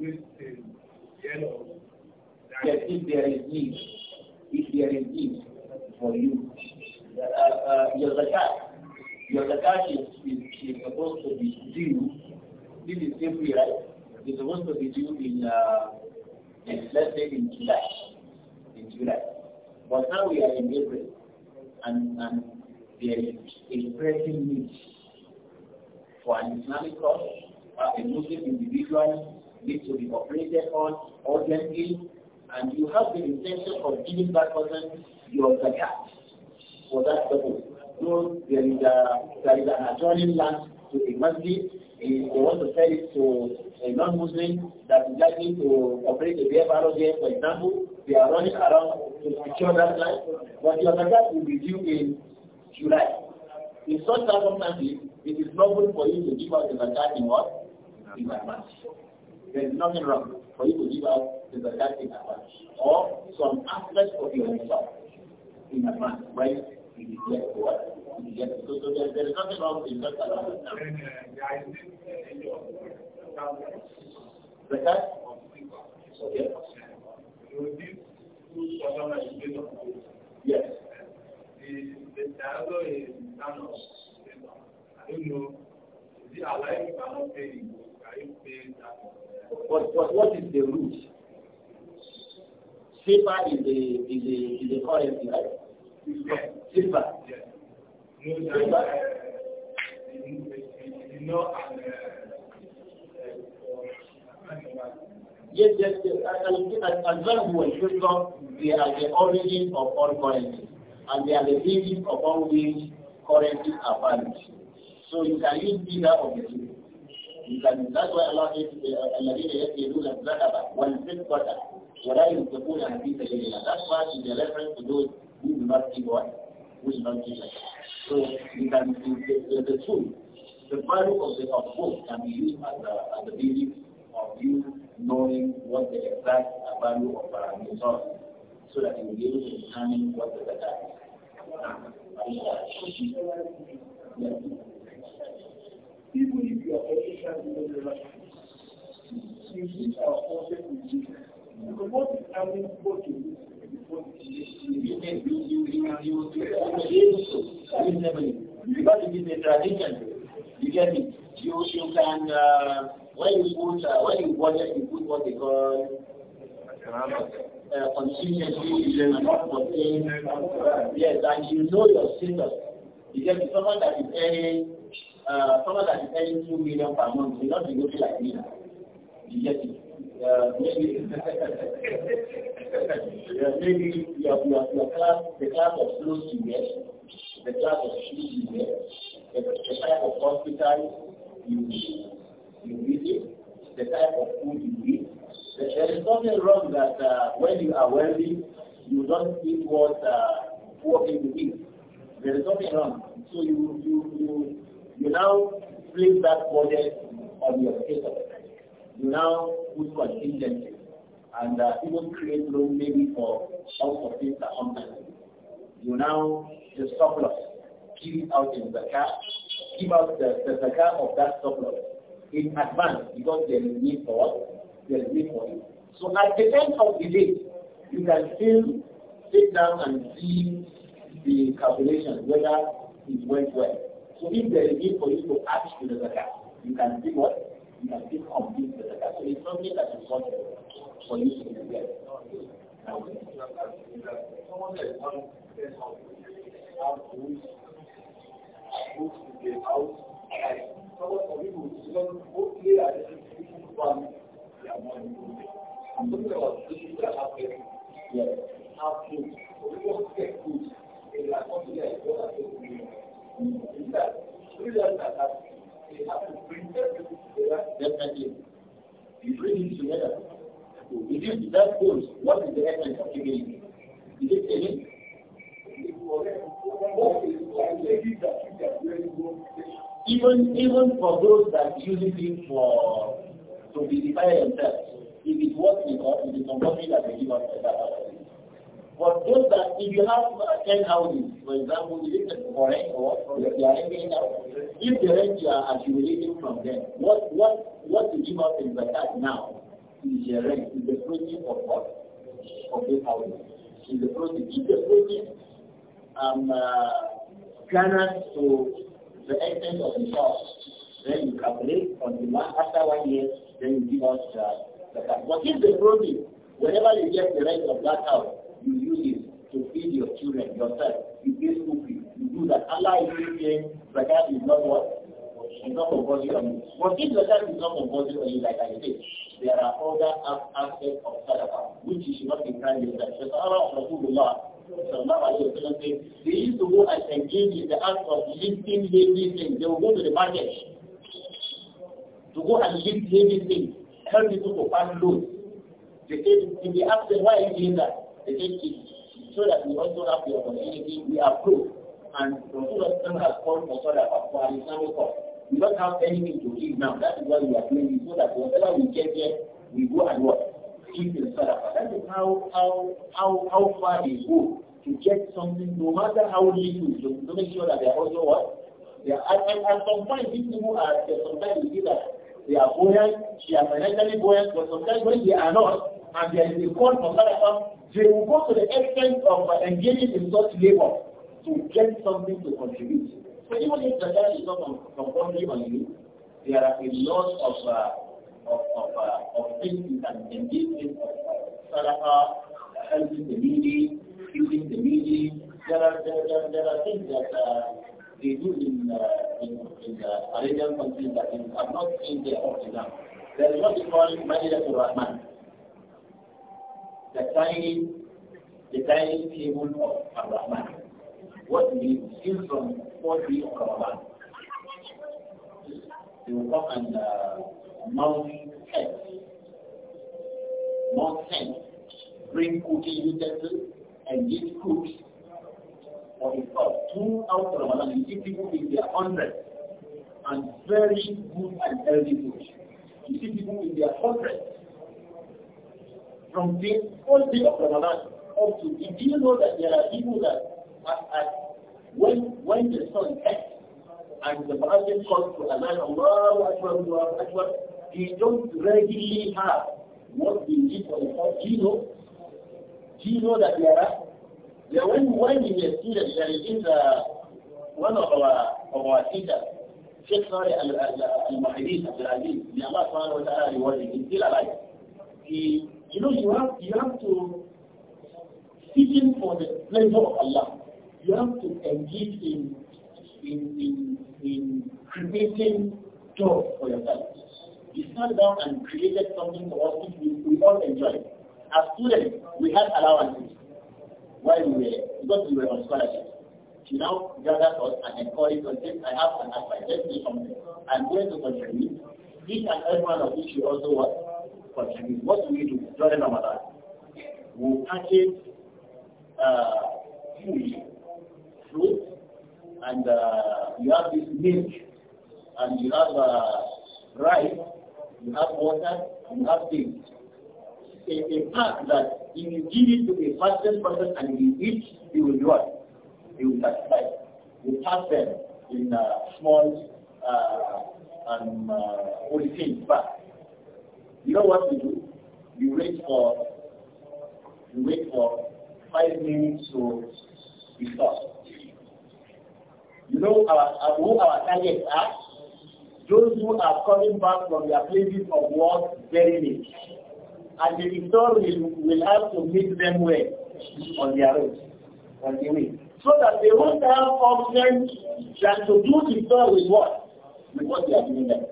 wait till the end of that if there is need, if there is need for you, uh, uh, your zakat, your zakat is, is, is supposed to be due. This is simply right. It's supposed to be due in, uh, in let's say in July, in July. But now we are in April, and and there is a pressing need for an Islamic cause, uh, a Muslim individual needs to be operated on urgently and you have the intention of giving that person your zakat for that purpose. So there is a there is an adjoining land to a mosque. they want to sell it to a non-Muslim that is likely to operate a beer barrel there, for example, they are running around to secure that land. But your zakat will be due in July. In such circumstances, it is normal for you to give out the zakat in what? In advance. There is nothing wrong for you to give out to in advance, or some aspect of yourself in advance, right? You what? So, so there, there is nothing wrong with that at all. The cat? Yes. Yes. The, dialogue is Thanos. I don't know. Is it alive or not paying? Are you paying that? what is the root? Silver is the is the is the currency, right? Silver. Yes. silver. You know, Yes, yes, yes. As well as we Islam, they are the origin of all currencies, and they are the basis upon which currencies are valued. So you can use either of the two. You can, that's why Allah Allah says, الَّذِينَ يَكْتِرُونَ الزَّكَةَ وَالْفِقْبَةَ ولا ينفقون في سبيل الله. That's why in the reference to those who do not see God, Who do not give So we can the, the, the truth, the value of the of both can be used as a as a basis of you knowing what the exact value of uh, the resource so that you will be able to determine what the better is. Yes. Even if your education is not you think our to do it. Because what is happening before you? Because it is a tradition, you get it. You you can uh, when you put uh, when you budget you put what they call uh, contingency yes, and you know your status. You get Someone that is earning uh, someone that is earning two million per month will not be looking like me. You get it maybe, maybe your, your, your class, the class of you wear, the class of shoes you the, the type of hospital you, you visit, the type of food you eat. There, there is nothing wrong that uh, when you are wealthy, you don't eat what uh, poor people eat. There is nothing wrong. So you, you, you, you now place that budget on your table. You now which was and uh, even create room maybe for some of these circumstances. You now the surplus, give it out in the zakat, give out the, the zakat of that surplus in advance because there is need for it, there is need for it. So at the end of the day, you can still sit down and see the calculation whether it went well. So if there is need for you to add to the zakat, you can see what you something that is for you to I'm not there they haven't printed together, definitely. You bring it together. So within that goes, what is the essence of giving? Is it any? Even even for those that use it for to beautify themselves, if it works because it is compulsory that they give up that. But those that if you have uh, 10 houses, for example, you live for rent or you are renting out, if the rent you are accumulating from them, what, what, what you give out in zakat now is the rent, is the proceeds of what? Of those house, Is the proceeds. If the proceeds um, uh, cannot to the extent of the cost, then you calculate on the month after one year, then you give out uh, the zakat. What is the proceeds, whenever you get the rent of that house, you use it children yourself. You pay school You do that. Allah is really saying zakat is not what? It's not compulsory on you. But if zakat is not compulsory on you, like I said, there are other aspects of sadaqah which you should not be trying yourself. So Allah Rasulullah sallallahu alayhi wa sallam said, they used to go and engage in the act of lifting heavy things. They will go to the market to go and lift heavy things, help people to pass loads. They said, in the absence, why are you doing that? They said, so that we also have the opportunity, we are proof. And Rasulullah has called for Salah for an Islamic cause. We don't have anything to give now. That is why we are doing so that whatever we get here, we go and work. Give in Salah. That is how, how, how, how far they go to get something, no matter how little, to, to make sure that they are also what? Yeah. And at, at, at some point, people are, sometimes you see that they are buoyant, they are financially buoyant, but sometimes when they are not, and there is a call for Salah they will go to the extent of uh, engaging in such labor to get something to contribute. So even if the guy is not compulsory on you, there are a lot of uh, of of, uh, of things you can engage in. Sadaqa, helping the needy, feeding the needy. There are there, there, there are things that uh, they do in uh, in, in uh, Arabian countries that are not in their own There is what they call Majlis rahman the tiny, the tiny table of Abraham. What we steal from poetry of Abraham. They will come and uh, mount head, mount head, bring cooking utensils, and give cooks for two out Throughout Ramadan, you see people in their hundreds and very good and healthy food. You see people in their hundreds from day first day of Ramadan up to. Did you know that there are people that at, at when when the sun sets and the Muazzin calls to Allah, Allah Akbar, Allah Akbar, He don't readily have what we need for the first. Do you know? Do you know that there are? There when when we were students, there is a, one of our of our teachers. Sheikh Sari al-Mahidin Abdul Aziz, may Allah subhanahu wa ta'ala reward him, he's still alive. He you know, you have, you have to, seeking for the pleasure of Allah, you have to engage in, in, in, in creating joy for yourself. You sat down and created something for us which we, we all enjoy. As students, we had allowances while we were, because we were on scholarship. She now gathers us and encourages us, I have an advice, let's do something. I'm going to contribute. Each and every one of which you also was contribute. What do we do during Ramadan? We package uh, food, fruit, and uh, you have this milk, and you have uh, rice, you have water, you have things. A, a pack that if you give it to a fasting person and he eats, he will do it. He will satisfy. We pack them in uh, small uh, and uh, things bags. You know what you do? You wait for you wait for five minutes to discuss. You know our, uh, uh, who our targets are? Those who are coming back from their places of work very late. And the restore will, will have to meet them where? On their road, on the way. So that they won't have options than to do restore with what? With what they are doing there.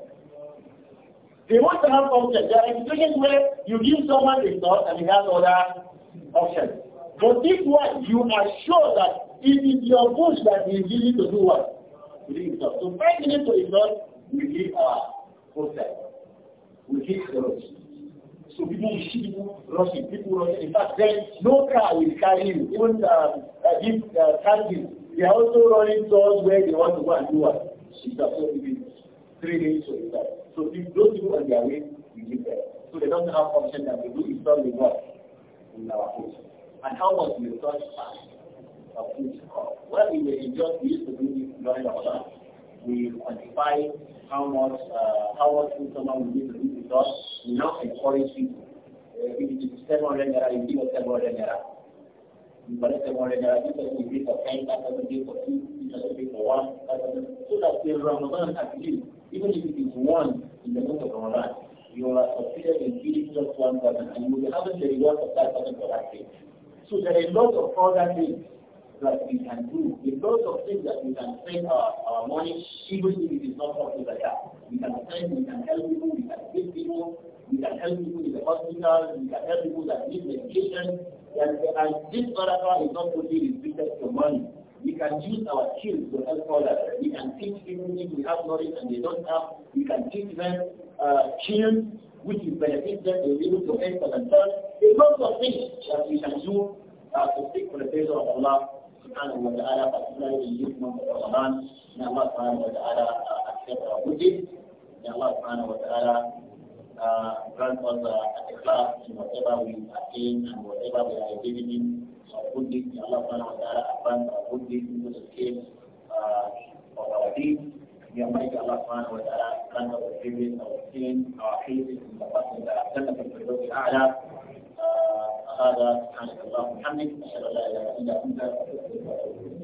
They want to have options. There are situations where you give someone a thought and he has other options. But this one, you are sure that it is your push that he is to do what? To do So five minutes to himself, we give our process. We give the rush. So people will see people rushing, people rushing. In fact, then no car will carry you. Even uh, uh, if uh, countries, they are also running towards where they want to go and do what? So also three minutes to himself. So if those people are their way, we give them. So they don't have option that they do is not what in our food. And how much we touch of food cost. Well, we will just used to do this during Ramadan. We quantify how much uh, how much food someone will need to do because we now encourage people. Uh, if it is 700 naira, you give us 700 naira. You collect 700 naira, this person will pay for 10, that person will pay for 2, this person pay for 1, that So that till Ramadan at least, even if it is one in the month of Ramadan, you are considered in giving just one person and you will be the reward of that person for that day. So there are a lot of other things that we can do, a lot of things that we can spend our, our money, even if it is not up to the cap. We can spend, we can help people, we can give people, we can help people in the hospital, we can help people that need medication. And, and this paragraph is not only restricted to money we can use our skills to help others. We can teach people if we have knowledge and they don't have. We can teach them uh, skills which will benefit them, they will to help for themselves. There's lots of things that we can do uh, to speak for the favor of Allah subhanahu wa ta'ala, particularly in this month of Ramadan. May Allah subhanahu wa ta'ala uh, accept our wishes. May Allah subhanahu wa ta'ala uh, grant us uh, a class in whatever we attain and whatever we are giving in. maupun di Allah Taala akan maupun di masjid uh, Al-Wadi yang baik Allah Subhanahu wa taala kan wa tibi wa tin wa hisi wa fatha dan akan berdoa ala hada kan Allah Muhammad sallallahu alaihi wa sallam